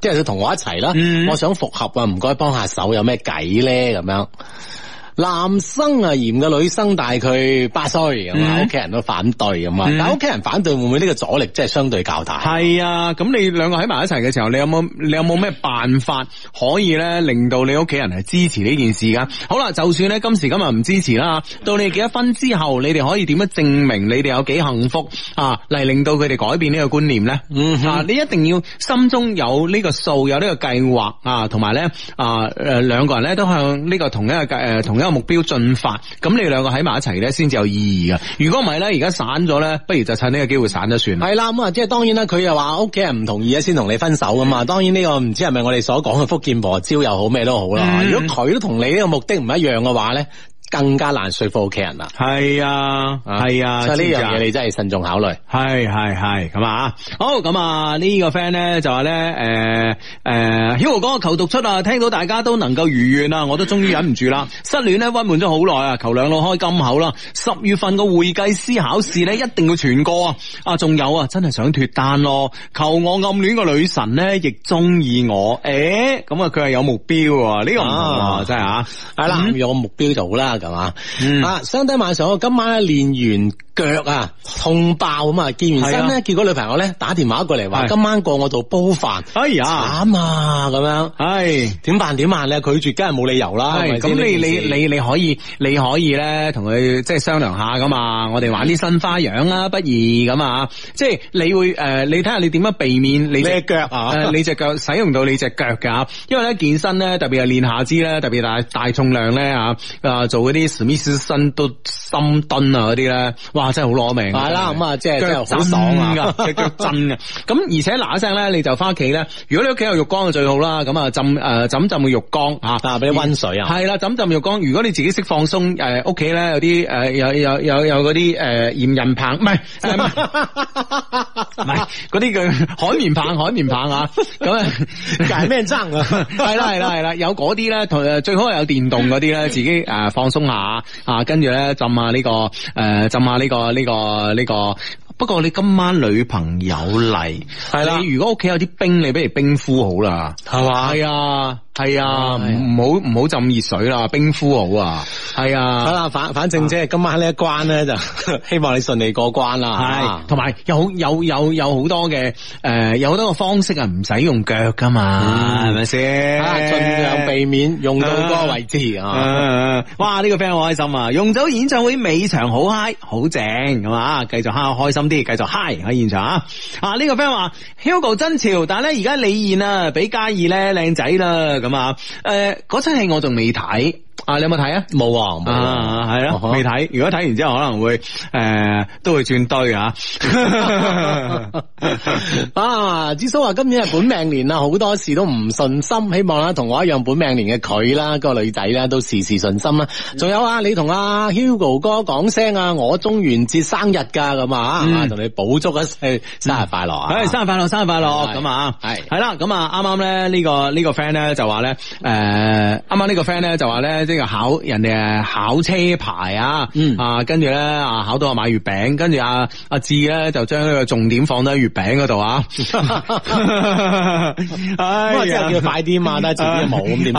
即係佢同我一齊啦。嗯、我想復合啊，唔該幫下手，有咩計咧咁樣。男生啊，嫌個女生大佢八歲咁，屋企人都反對咁啊，但屋企人反對會唔會呢個阻力真係相對較大？係啊，咁你兩個喺埋一齊嘅時候，你有冇你有冇咩辦法可以咧，令到你屋企人係支持呢件事噶？好啦，就算咧今時今日唔支持啦，到你結咗婚之後，你哋可以點樣證明你哋有幾幸福啊？嚟令到佢哋改變呢個觀念咧？嗯哼，啊，你一定要心中有呢個數，有呢個計劃啊，同埋咧啊誒，兩個人咧都向呢個同一個計誒、呃，同一。目標進發，咁你兩個喺埋一齊咧，先至有意義噶。如果唔係咧，而家散咗咧，不如就趁呢個機會散咗算。係啦，咁啊，即係當然啦，佢又話屋企人唔同意啊，先同你分手噶嘛。嗯、當然呢個唔知係咪我哋所講嘅福建婆招又好咩都好啦。嗯、如果佢都同你呢個目的唔一樣嘅話咧，更加難說服屋企人啦，係啊，係啊，所以呢樣嘢你真係慎重考慮，係係係咁啊，好咁啊、這個、呢個 friend 咧就話咧，誒誒，曉豪哥求讀出啊，聽到大家都能夠如願啊，我都終於忍唔住啦， 失戀咧鬱悶咗好耐啊，求兩老開金口啦，十月份個會計師考試咧一定要全過啊，啊仲有啊，真係想脫單咯、啊，求我暗戀個女神咧亦中意我，誒咁啊佢係有目標啊，呢個真係啊，係啦、啊、有目標就好啦。咁啊，啊、嗯，相睇晚上我今晚練完腳啊，痛爆啊嘛，健完身咧，是的 結果女朋友咧打電話過嚟話，是的 今晚過我度煲飯。哎呀，慘啊！咁樣，唉，點辦？點辦咧？拒絕梗係冇理由啦。咁的你你你你可以，你可以咧同佢即係商量一下噶嘛。我哋玩啲新花樣啊，不如咁啊？即係、就是、你會誒、呃，你睇下你點樣避免你隻腳啊？你隻腳 使用到你隻腳嘅因為咧健身咧特別係練下肢咧，特別係大大重量咧吓啊做。嗰啲 Smithson 都深蹲啊，啲咧，哇，真係好攞命。係啦，咁啊、即係，腳 即係真係好爽啊，隻腳震嘅。咁 而且嗱一聲咧，你就翻屋企咧。如果你屋企有浴缸就最好啦。咁啊，浸、呃、誒，浸浸個浴缸吓，俾啲溫水啊。係啦，浸浸浴缸。如果你自己識放鬆，誒、呃，屋企咧有啲誒、呃，有有有有啲誒，鹽、呃、人棒唔係唔係，啲叫、呃、 海綿棒，海綿棒啊咁 啊，係咩爭啊？係 啦，係啦，係啦，有啲咧，最好係有電動啲咧，自己誒、呃、放鬆。下啊，跟住咧浸下呢個誒，浸下呢、呢個呢、呢個呢、呢個。不過你今晚女朋友嚟，係啦，你如果屋企有啲冰，你不如冰敷好啦，係嘛吧？係啊。係啊，唔好唔好浸熱水啦，冰敷好啊。係啊，好啦，反反正即係今晚呢一關咧，就希望你順利過關啦。係，同埋有好有有有好多嘅誒，有好多嘅方式啊，唔使用腳噶嘛，係咪先？盡量避免用到嗰個位置。哇，呢個 friend 好開心啊！容祖演唱會尾場好嗨，好正咁啊，繼續嗨開心啲，繼續嗨喺現場啊！啊，呢個 friend 話 Hugo 真潮，但係咧而家李燕啊，比嘉義咧靚仔啦。.咁啊，誒嗰出戲我仲未睇。有有啊！你有冇睇啊？冇啊，係啊，未睇看。如果睇完之後，可能會誒、呃、都會轉堆啊。 啊！紫蘇話今年係本命年啊，好多事都唔順心。希望啦，同我一樣本命年嘅佢啦，個女仔咧都事事順心啦。仲有啊，你同阿、啊、Hugo 哥講聲啊，我中元節生日噶咁啊，同、嗯、你補祝一歲、嗯、生日快樂啊！生日快樂，生日快樂咁、嗯、啊！係係啦，咁啊，啱啱咧呢、呢個呢、呢個 friend 咧就話咧誒，啱啱呢個 friend 咧就話咧即。呃剛剛考人哋誒考車牌啊，嗯、啊跟住咧啊考到啊買月餅，跟住阿阿志咧就將呢個重點放喺月餅嗰度啊，咁快啲嘛，但自己冇咁點咁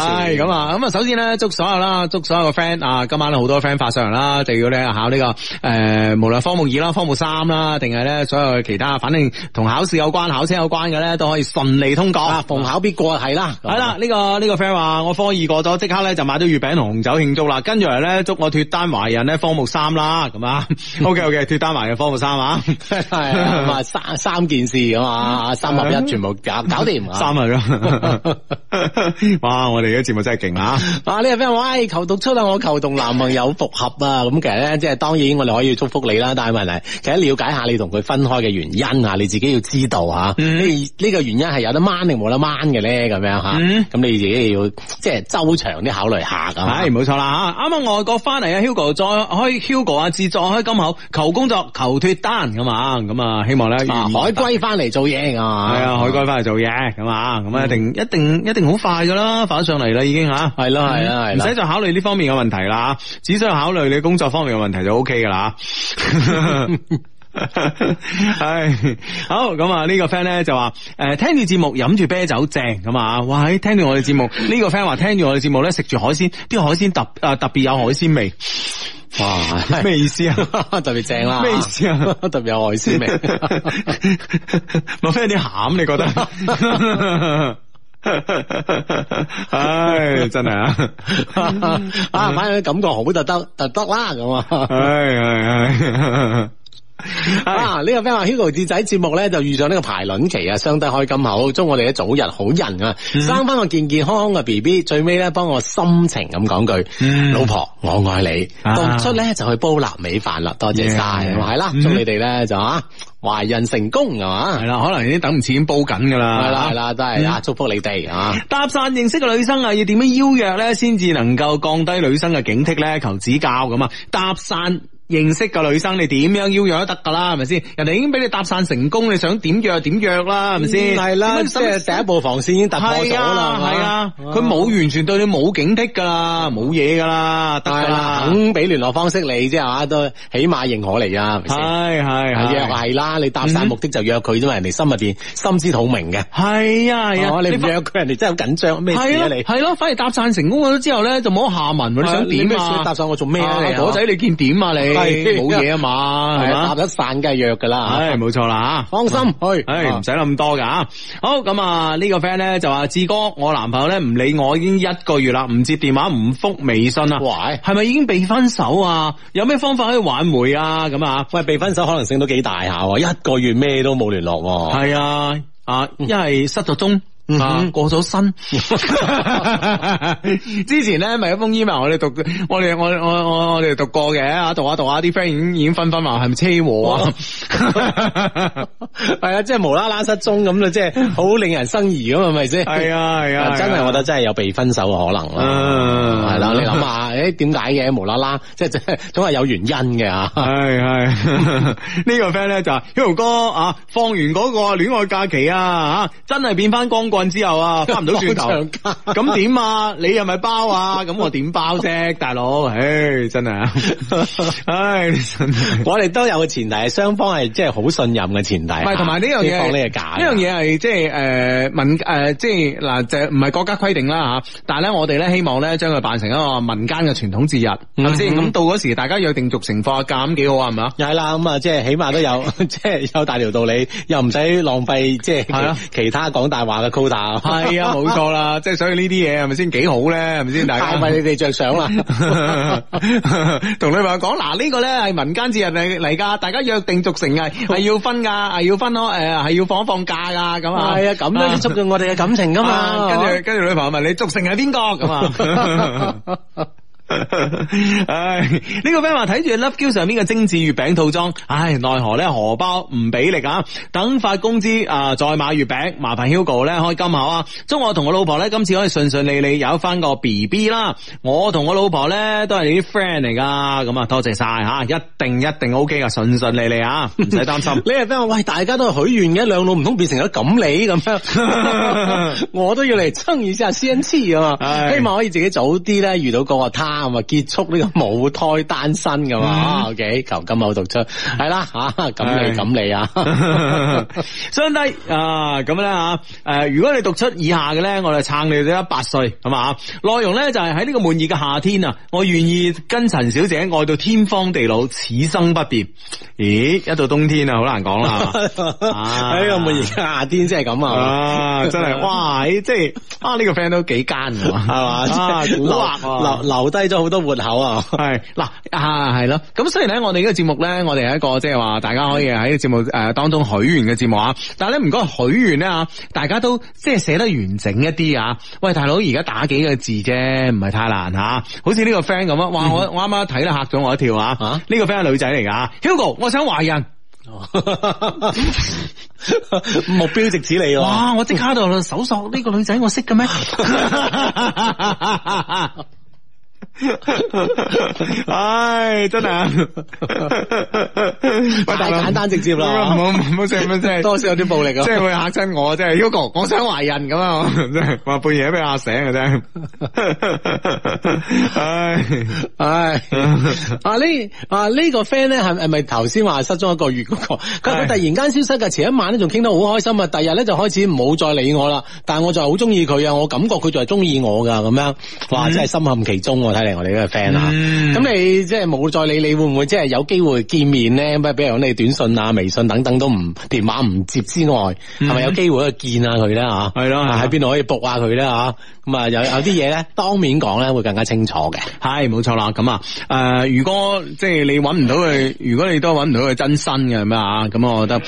啊咁啊，首先咧祝所有啦，祝所有嘅 friend 啊，今晚好多 friend 發上嚟啦，就要咧考呢、這個誒、呃，無論科目二啦、科目三啦，定係咧所有其他，反正同考試有關、考車有關嘅咧，都可以順利通過啊，啊逢考必過係 啦。係啦、嗯，呢、這個呢、這個 friend 話我科二過咗，即刻咧就買咗月餅同。紅酒慶祝啦，跟住嚟咧祝我脱單華人咧科目三啦，咁啊 ，OK OK，脱單華人科目三啊， 啊三三件事啊嘛，三合一全部搞 搞掂，三啊，哇，我哋而家節目真係勁啊，哇，呢個咩話，求獨出啊，哎、出我求同男朋友復合啊，咁、嗯、 其實咧，即係當然我哋可以祝福你啦，但係問題，其實了解一下你同佢分開嘅原因啊，你自己要知道吓，呢、啊、呢、嗯欸這個原因係有得掹定冇得掹嘅咧，咁樣吓，咁、啊嗯、你自己要即係周詳啲考慮下咁。啊係冇錯啦吓，啱啱外國翻嚟啊，Hugo 再開 Hugo 啊，自再開金口求工作求脫單咁啊，咁啊希望咧海歸翻嚟做嘢啊，係啊，海歸翻嚟做嘢咁啊，咁啊一定、嗯、一定一定好快噶啦，翻上嚟啦已經吓，係咯係啦，唔使、嗯、再考慮呢方面嘅問題啦，只需要考慮你工作方面嘅問題就 OK 噶啦。 唉，好咁啊！呢、這個 friend 咧就話，誒，聽住節目飲住啤酒正咁啊！哇，喺聽住我哋節目，呢、這個 friend 話聽住我哋節目咧食住海鮮，啲海鮮特啊特別有海鮮味，哇，咩是意思啊？特別正啦，咩意思啊？特別有海鮮味，落翻啲鹹你覺得？唉、 哎，真係啊，啊， 反正感覺好特登特登啦咁啊， 啊！這個、字仔節目呢個 friend 話《Hugo 志仔》節目咧就遇上呢個排卵期啊，上帝開金口，祝我哋嘅早日好人啊，生翻個健健康康嘅 B B，最尾咧幫我心情咁講句，嗯、老婆我愛你，啊、出咧就去煲臘味飯啦，多謝晒、啊啊，係、啊、啦，祝你哋咧就啊懷孕成功啊嘛，係啦，可能已經等唔切煲緊噶啦，係啦，都係啊，祝福你哋啊！搭訕認識嘅女生啊，要點樣邀約咧，先至能夠降低女生嘅警惕咧？求指教咁啊！搭訕。認識嘅女生你點樣邀約都得噶啦，係咪先？人哋已經俾你搭訕成功，你想點約點約啦，係咪先？係啦，即係第一步防線已經突破咗啦，係啊，佢冇完全對你冇警惕噶，冇嘢噶啦，係啦，肯俾聯絡方式你，即係話都起碼認可你啊，係係，係係啦，你搭訕目的就約佢啫嘛，人哋心入邊，心知肚明嘅，係啊係啊，你唔約佢，人哋真係好緊張咩嚟？係咯，係咯，反而搭訕成功咗之後咧，就冇下文，你想點啊？你搭訕我做咩啊？你果仔，你見點啊？你？係冇嘢啊嘛，係嘛，合得散梗係弱噶啦，唉，冇錯啦吓，放心去，唉唔使諗咁多噶吓。好，咁啊，呢個 friend 咧就話，志哥，我男朋友咧唔理我已經一個月啦，唔接電話，唔複微信啦喂，係咪已經被分手啊？有咩方法可以挽回啊？咁啊，喂，被分手可能性都幾大下，一個月咩都冇聯絡，係啊啊，因為失咗蹤。啊，過咗身， 之前咧咪一封 email 我哋讀，我哋我我我我哋讀過嘅，讀啊讀下讀下啲 friend 已經已經紛紛話係咪車禍啊？係啊，即係無啦啦失蹤咁啦，即係好令人生疑噶係咪先？係啊係啊，啊 真係我覺得真係有被分手嘅可能啦，係啦，你諗下，誒點解嘅無啦啦，即係即係總係有原因嘅啊，係 係， 呢個 friend 咧就話，Hugo 啊，放完個戀愛假期啊，吓、啊、真係變翻光棍。困之後啊，翻唔到轉頭，咁點 長啊？ 你又咪包啊？咁我點包啫、啊， 大佬？唉，真係啊！唉、 哎，啊、 我哋都有個前提，係雙方係即係好信任嘅前提。唔係同埋呢樣嘢，你係假。呢樣嘢係即係誒民誒，即係嗱就唔係國家規定啦吓。但係咧，我哋咧希望咧，將佢辦成一個民間嘅傳統節日，係咪先？咁到嗰時，大家約定俗成放假咁幾好啊？係嘛？係啦，咁啊， 即係起碼都有，即係有大條道理，又唔使浪費，即係 其他講大話嘅。係 啊，冇錯啦，即係所以是是呢啲嘢係咪先幾好咧？係咪先大家，快 你哋着想啦！同 女朋友講嗱，呢、這個咧係民間節日嚟嚟噶，大家約定俗成係係要分噶，係要分咯，誒係要，要放一放假噶咁 啊！係 啊，咁樣促進我哋嘅感情噶嘛。跟住跟住女朋友問 你，俗成係邊個咁啊？ 唉，呢、 哎這個 friend 話睇住 lovejoy 上面嘅精緻月餅套裝，唉、哎，奈何咧荷包唔俾力啊！等發工資啊、呃，再買月餅，麻煩 Hugo 咧開金口啊！祝我同我老婆咧今次可以順順利利有翻個 B B 啦！我同我老婆咧都係你啲 friend 嚟噶，咁啊多謝晒吓、啊，一定一定 OK 噶，順順利利啊，唔使擔心。呢個 friend 話喂，大家都係許願嘅，兩老唔通變成咗錦鯉咁， 我都要嚟撐意思下 C N C 啊嘛，希望、哎、可以自己早啲咧遇到個。個咁啊，結束呢個母胎單身噶嘛、嗯、？O、okay, K，求金口讀出，係啦吓，咁你咁你啊，上帝是啊，咁咧吓，誒、啊啊，如果你讀出以下嘅咧，我就撐你到一百歲，係嘛？內容咧就係喺呢個悶熱嘅夏天啊，我願意跟陳小姐愛到天荒地老，此生不變。咦，一到冬天 啊，好難講啦。哎呀，悶熱嘅夏天即係咁啊，真係哇，即係啊，呢、這個 friend 都幾奸噶，係嘛？ 留留，留低。咗好多活口啊！係嗱啊，係咯咁。雖然咧，我哋呢個節目咧，我哋係一個即係話大家可以喺個節目誒當中許願嘅節目啊。但係咧唔該許願咧啊，大家都即係寫得完整一啲啊。喂，大佬而家打幾個字啫，唔係太難吓。好似呢個 friend 咁啊，哇！我我啱啱睇都嚇咗我一跳啊！呢個 friend 係女仔嚟㗎，Hugo，我想懷孕， 目標直指你。哇！我即刻喺度搜索呢個女仔，我識嘅咩？ 唉，真係太簡單直接啦！唔好唔好聲，多少有啲暴力啊。即係會嚇親我，即係 Yoko 我想懷孕咁啊！即係話半夜俾嚇醒嘅啫，唉啊呢啊呢個 friend 咧係係咪頭先話失蹤一個月，嗰個？佢唉突然間消失嘅，前一晚咧仲傾得好開心啊，第二日咧就開始唔好再理我啦。但係我就係好中意佢啊，我感覺佢就係中意我噶咁樣，哇！真係深陷其中睇。我哋呢個 friend 啊，咁你即係冇再理會你，會唔會即係有機會見面咧？咁啊，比如你短信啊、微信等等都唔，電話唔接之外，係咪、嗯、有機會去見下呢的啊佢咧？吓，的，係咯，喺邊度可以卜下佢咧？吓、 啊，咁啊有有啲嘢，咧當面講咧會更加清楚嘅。係冇錯啦。咁啊，誒、呃，如果即係你搵唔到佢，如果你都搵唔到佢真身嘅，咁啊，咁我覺得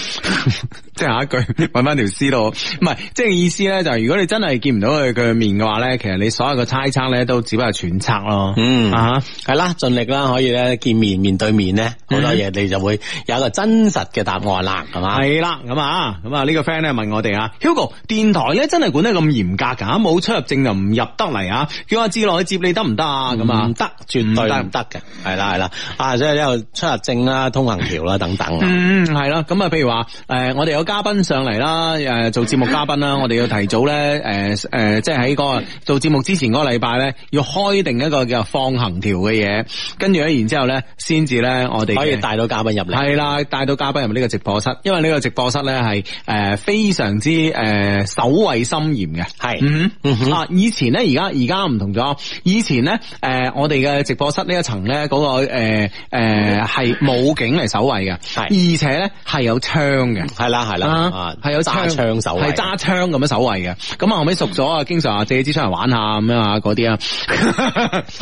即係 下一句搵翻條絲路，唔係即係意思咧，就係、如果你真係見唔到佢嘅面嘅話咧，其實你所有嘅猜測咧都只不過係揣測咯。嗯啊，係啦，盡力啦，可以咧見面面對面咧，好多嘢你就會有一個真實嘅答案啦，係嘛、嗯？係啦，咁啊，咁啊呢個 friend 咧問我哋啊，Hugo 電台咧真係管得咁嚴格噶，冇出入證就唔入得嚟啊！叫阿志落去接你得唔得啊？咁啊，唔得、嗯，的絕對唔得嘅，係啦係啦啊，所以呢度出入證啦、通行條啦等等。嗯嗯，係咯，咁啊，譬如話誒，我哋有嘉賓上嚟啦，誒、呃、做節目嘉賓啦，我哋要提早咧誒誒，即係喺個做節目之前嗰個禮拜咧，要開定一個叫。方行條嘅嘢，跟住咧，然之後咧，先至咧，我哋可以帶到嘉賓入嚟。係啦，帶到嘉賓入呢個直播室，因為呢個直播室咧係誒非常之誒、呃、守衛森嚴嘅。係，啊，以前咧而家而家唔同咗。以前咧誒我哋嘅直播室一層呢一層咧嗰個誒誒係武警嚟守衛嘅，係、嗯哼，而且咧係有槍嘅。係啦係啦，係的有揸槍守衛，係揸槍咁樣守衛嘅。咁後尾熟咗啊，經常啊借支槍嚟玩下咁樣啊嗰啲啊。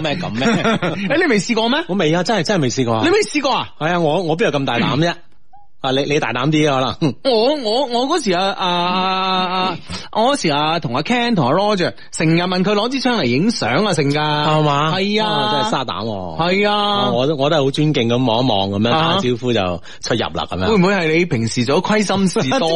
咩咁咩？哎，你未試過咩？我未啊，真係真係未試過啊。你未試過啊？係啊，我我邊有咁大膽啫？ 你你大膽啲啊啦！我我我嗰時啊啊啊！我嗰時啊同阿 Ken 同阿 Roger 成日問佢攞支槍嚟影相啊，成噶係嘛？係啊，真係沙膽。係啊，我都我都係好尊敬咁望一望，咁樣打招呼就出入啦，咁樣。會唔會係你平時做虧心事多？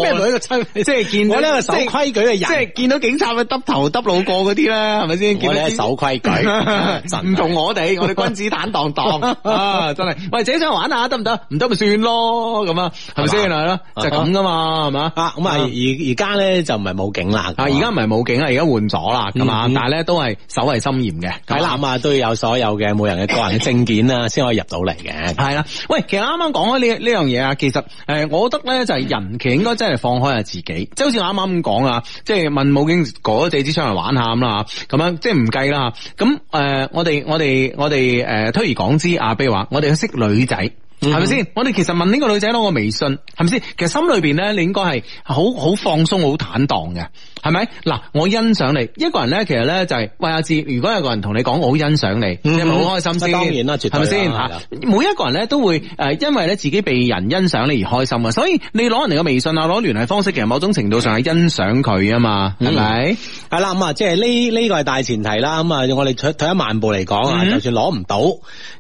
即係見我呢個守規矩嘅人，即係見到警察去耷頭耷腦過嗰啲呢？係咪先？我呢守規矩，唔同我哋，我哋君子坦蕩蕩，真係，喂，者想玩下得唔得？唔得咪算咯，咁啊！係咪先係咯？就咁噶嘛，係嘛？咁啊，而而家咧就唔係武警啦。啊，而家唔係武警啊，而家換咗啦，咁、嗯、但係咧都係守衛森嚴嘅，睇覽啊都要有所有嘅每人嘅個人嘅證件啊，先可以入到嚟嘅。係啦。喂，其實啱啱講開呢呢樣嘢啊，其實誒，我覺得咧就係人期應該真係放開下自己，即、就、係、是、好似我啱啱咁講啊，即、就、係、是、問武警攞地支槍嚟玩下咁啦吓，咁樣即係唔計啦吓。咁、就、誒、是呃，我哋我哋我哋誒，推而廣之啊，比如話我哋去識女仔。係咪先？嗯、我哋其實問呢個女仔攞個微信，係咪先？其實心裏邊咧，你應該係好好放鬆、好坦蕩嘅。係咪嗱？我欣賞你一個人咧，其實咧就係、是、喂阿志，如果有個人同你講我好欣賞你，你咪好開心先？當然啦，絕對係咪先？吓，每一個人咧都會誒，因為咧自己被人欣賞你而開心啊，所以你攞人哋個微信啊，攞聯繫方式，其實某種程度上係欣賞佢啊嘛，係咪的？係啦，咁啊、嗯嗯嗯，即係呢呢個係、這個、大前提啦。咁啊，我哋退一萬步嚟講啊，嗯、就算攞唔到，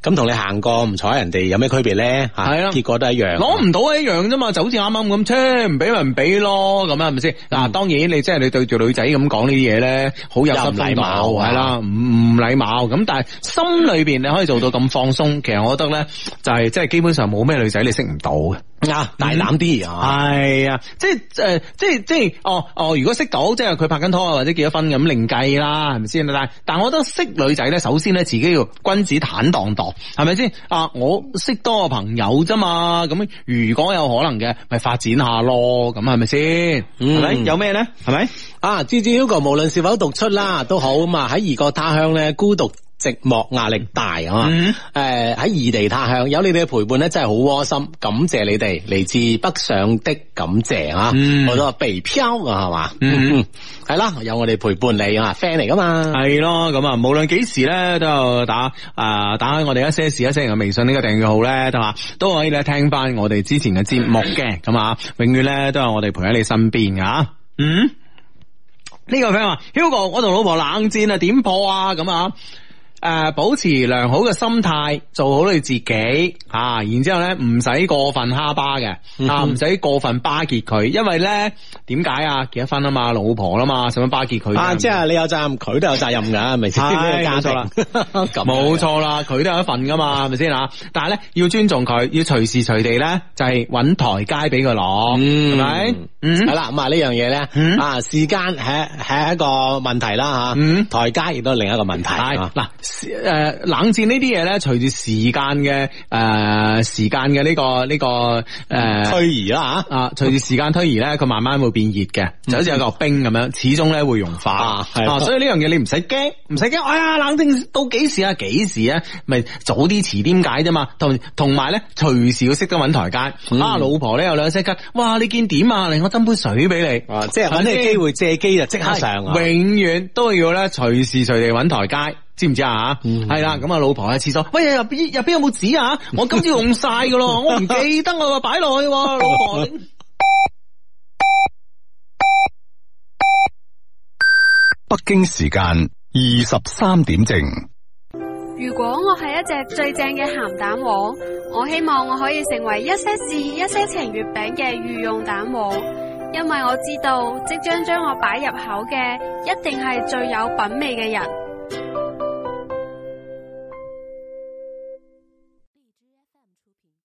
咁同你行過唔睬人哋有咩區別咧？係啦的，結果都一樣。攞唔到一樣啫嘛，就好似啱啱咁，唔俾咪唔俾咯，咁啊係咪先？嗱，嗯、當然你即係你。對住女仔咁講呢啲嘢呢，好有失禮貌，係啦，唔唔禮貌。咁但係心裏邊你可以做到咁放鬆，其實我覺得呢，就是，就係即係基本上冇咩女仔你識唔到嘅。啊，大膽啲啊！係啊、嗯哎，即係誒、呃，即係即係，哦哦，如果識到，即係佢拍緊拖啊，或者結咗婚咁，另計啦，係咪先？但但我覺得識女仔咧，首先咧自己要君子坦蕩蕩，係咪先？啊，我識多個朋友咋嘛？咁如果有可能嘅，咪發展下咯，咁係咪先？係咪、嗯？有咩咧？係咪吧？啊，字字 Hugo，無論是否讀出啦，都好啊嘛！喺異國他鄉咧，孤獨。寂寞壓力大啊嘛，誒喺異地他鄉有你哋嘅陪伴咧，真係好窩心，感謝你哋嚟自北上的感謝啊，嗯、我都話被漂㗎，係嘛，係、嗯嗯、啦，有我哋陪伴你啊，friend 嚟噶嘛，係咯、嗯，咁啊，無論幾時咧都有打誒，打開我哋一些事一些人嘅微信呢、這個訂閱號咧，都話都可以咧聽翻我哋之前嘅節目嘅，咁啊、嗯，永遠咧都有我哋陪喺你身邊嘅啊，嗯，呢個 friend 話，Hugo，我同老婆冷戰啊，點破啊，咁啊。誒，保持良好嘅心態，做好你自己啊！然之後咧，唔使過分蝦巴嘅，啊，唔使過分巴結佢，因為咧，點解啊？結咗婚啊嘛，老婆啦嘛，使唔使巴結佢？啊，即係你有責任，佢都有責任噶，係咪先？冇錯啦，冇錯啦，佢都有一份噶嘛，係咪先？但係咧，要尊重佢，要隨時隨地咧，就係搵台階俾佢攞，係咪？嗯，係啦，咁啊呢樣嘢咧，啊，時間係係一個問題啦，吓，台階亦都係另一個問題，係嗱。誒，冷戰呢啲嘢咧，隨住時間嘅誒，時間嘅呢個呢、這個誒、呃、推移啦吓啊，隨住、啊、時間推移咧，佢慢慢會變熱嘅， 就好似有個冰咁樣，始終咧會融化。係、啊啊，所以呢樣嘢你唔使驚，唔使驚。哎呀，冷戰到幾時啊？幾時啊？咪、啊、早啲遲啲解啫嘛。同同埋咧，隨時要識得搵台階。嗯、啊，老婆咧有兩劑吉，哇！你見點啊？嚟我斟杯水俾你。啊、即係搵啲機會借機就即刻上、啊。永遠都要咧，隨時隨地搵台階。知唔知啊？係啦，咁啊，老婆喺廁所，喂，入邊入邊有冇紙啊？我今朝用晒噶咯， 我唔記得我話擺落去。老婆。 北京時間二十三點正。如果我係一隻最正嘅鹹蛋黃，我希望我可以成為一些事、一些情月餅嘅御用蛋黃，因為我知道即將將我擺入口嘅一定係最有品味嘅人。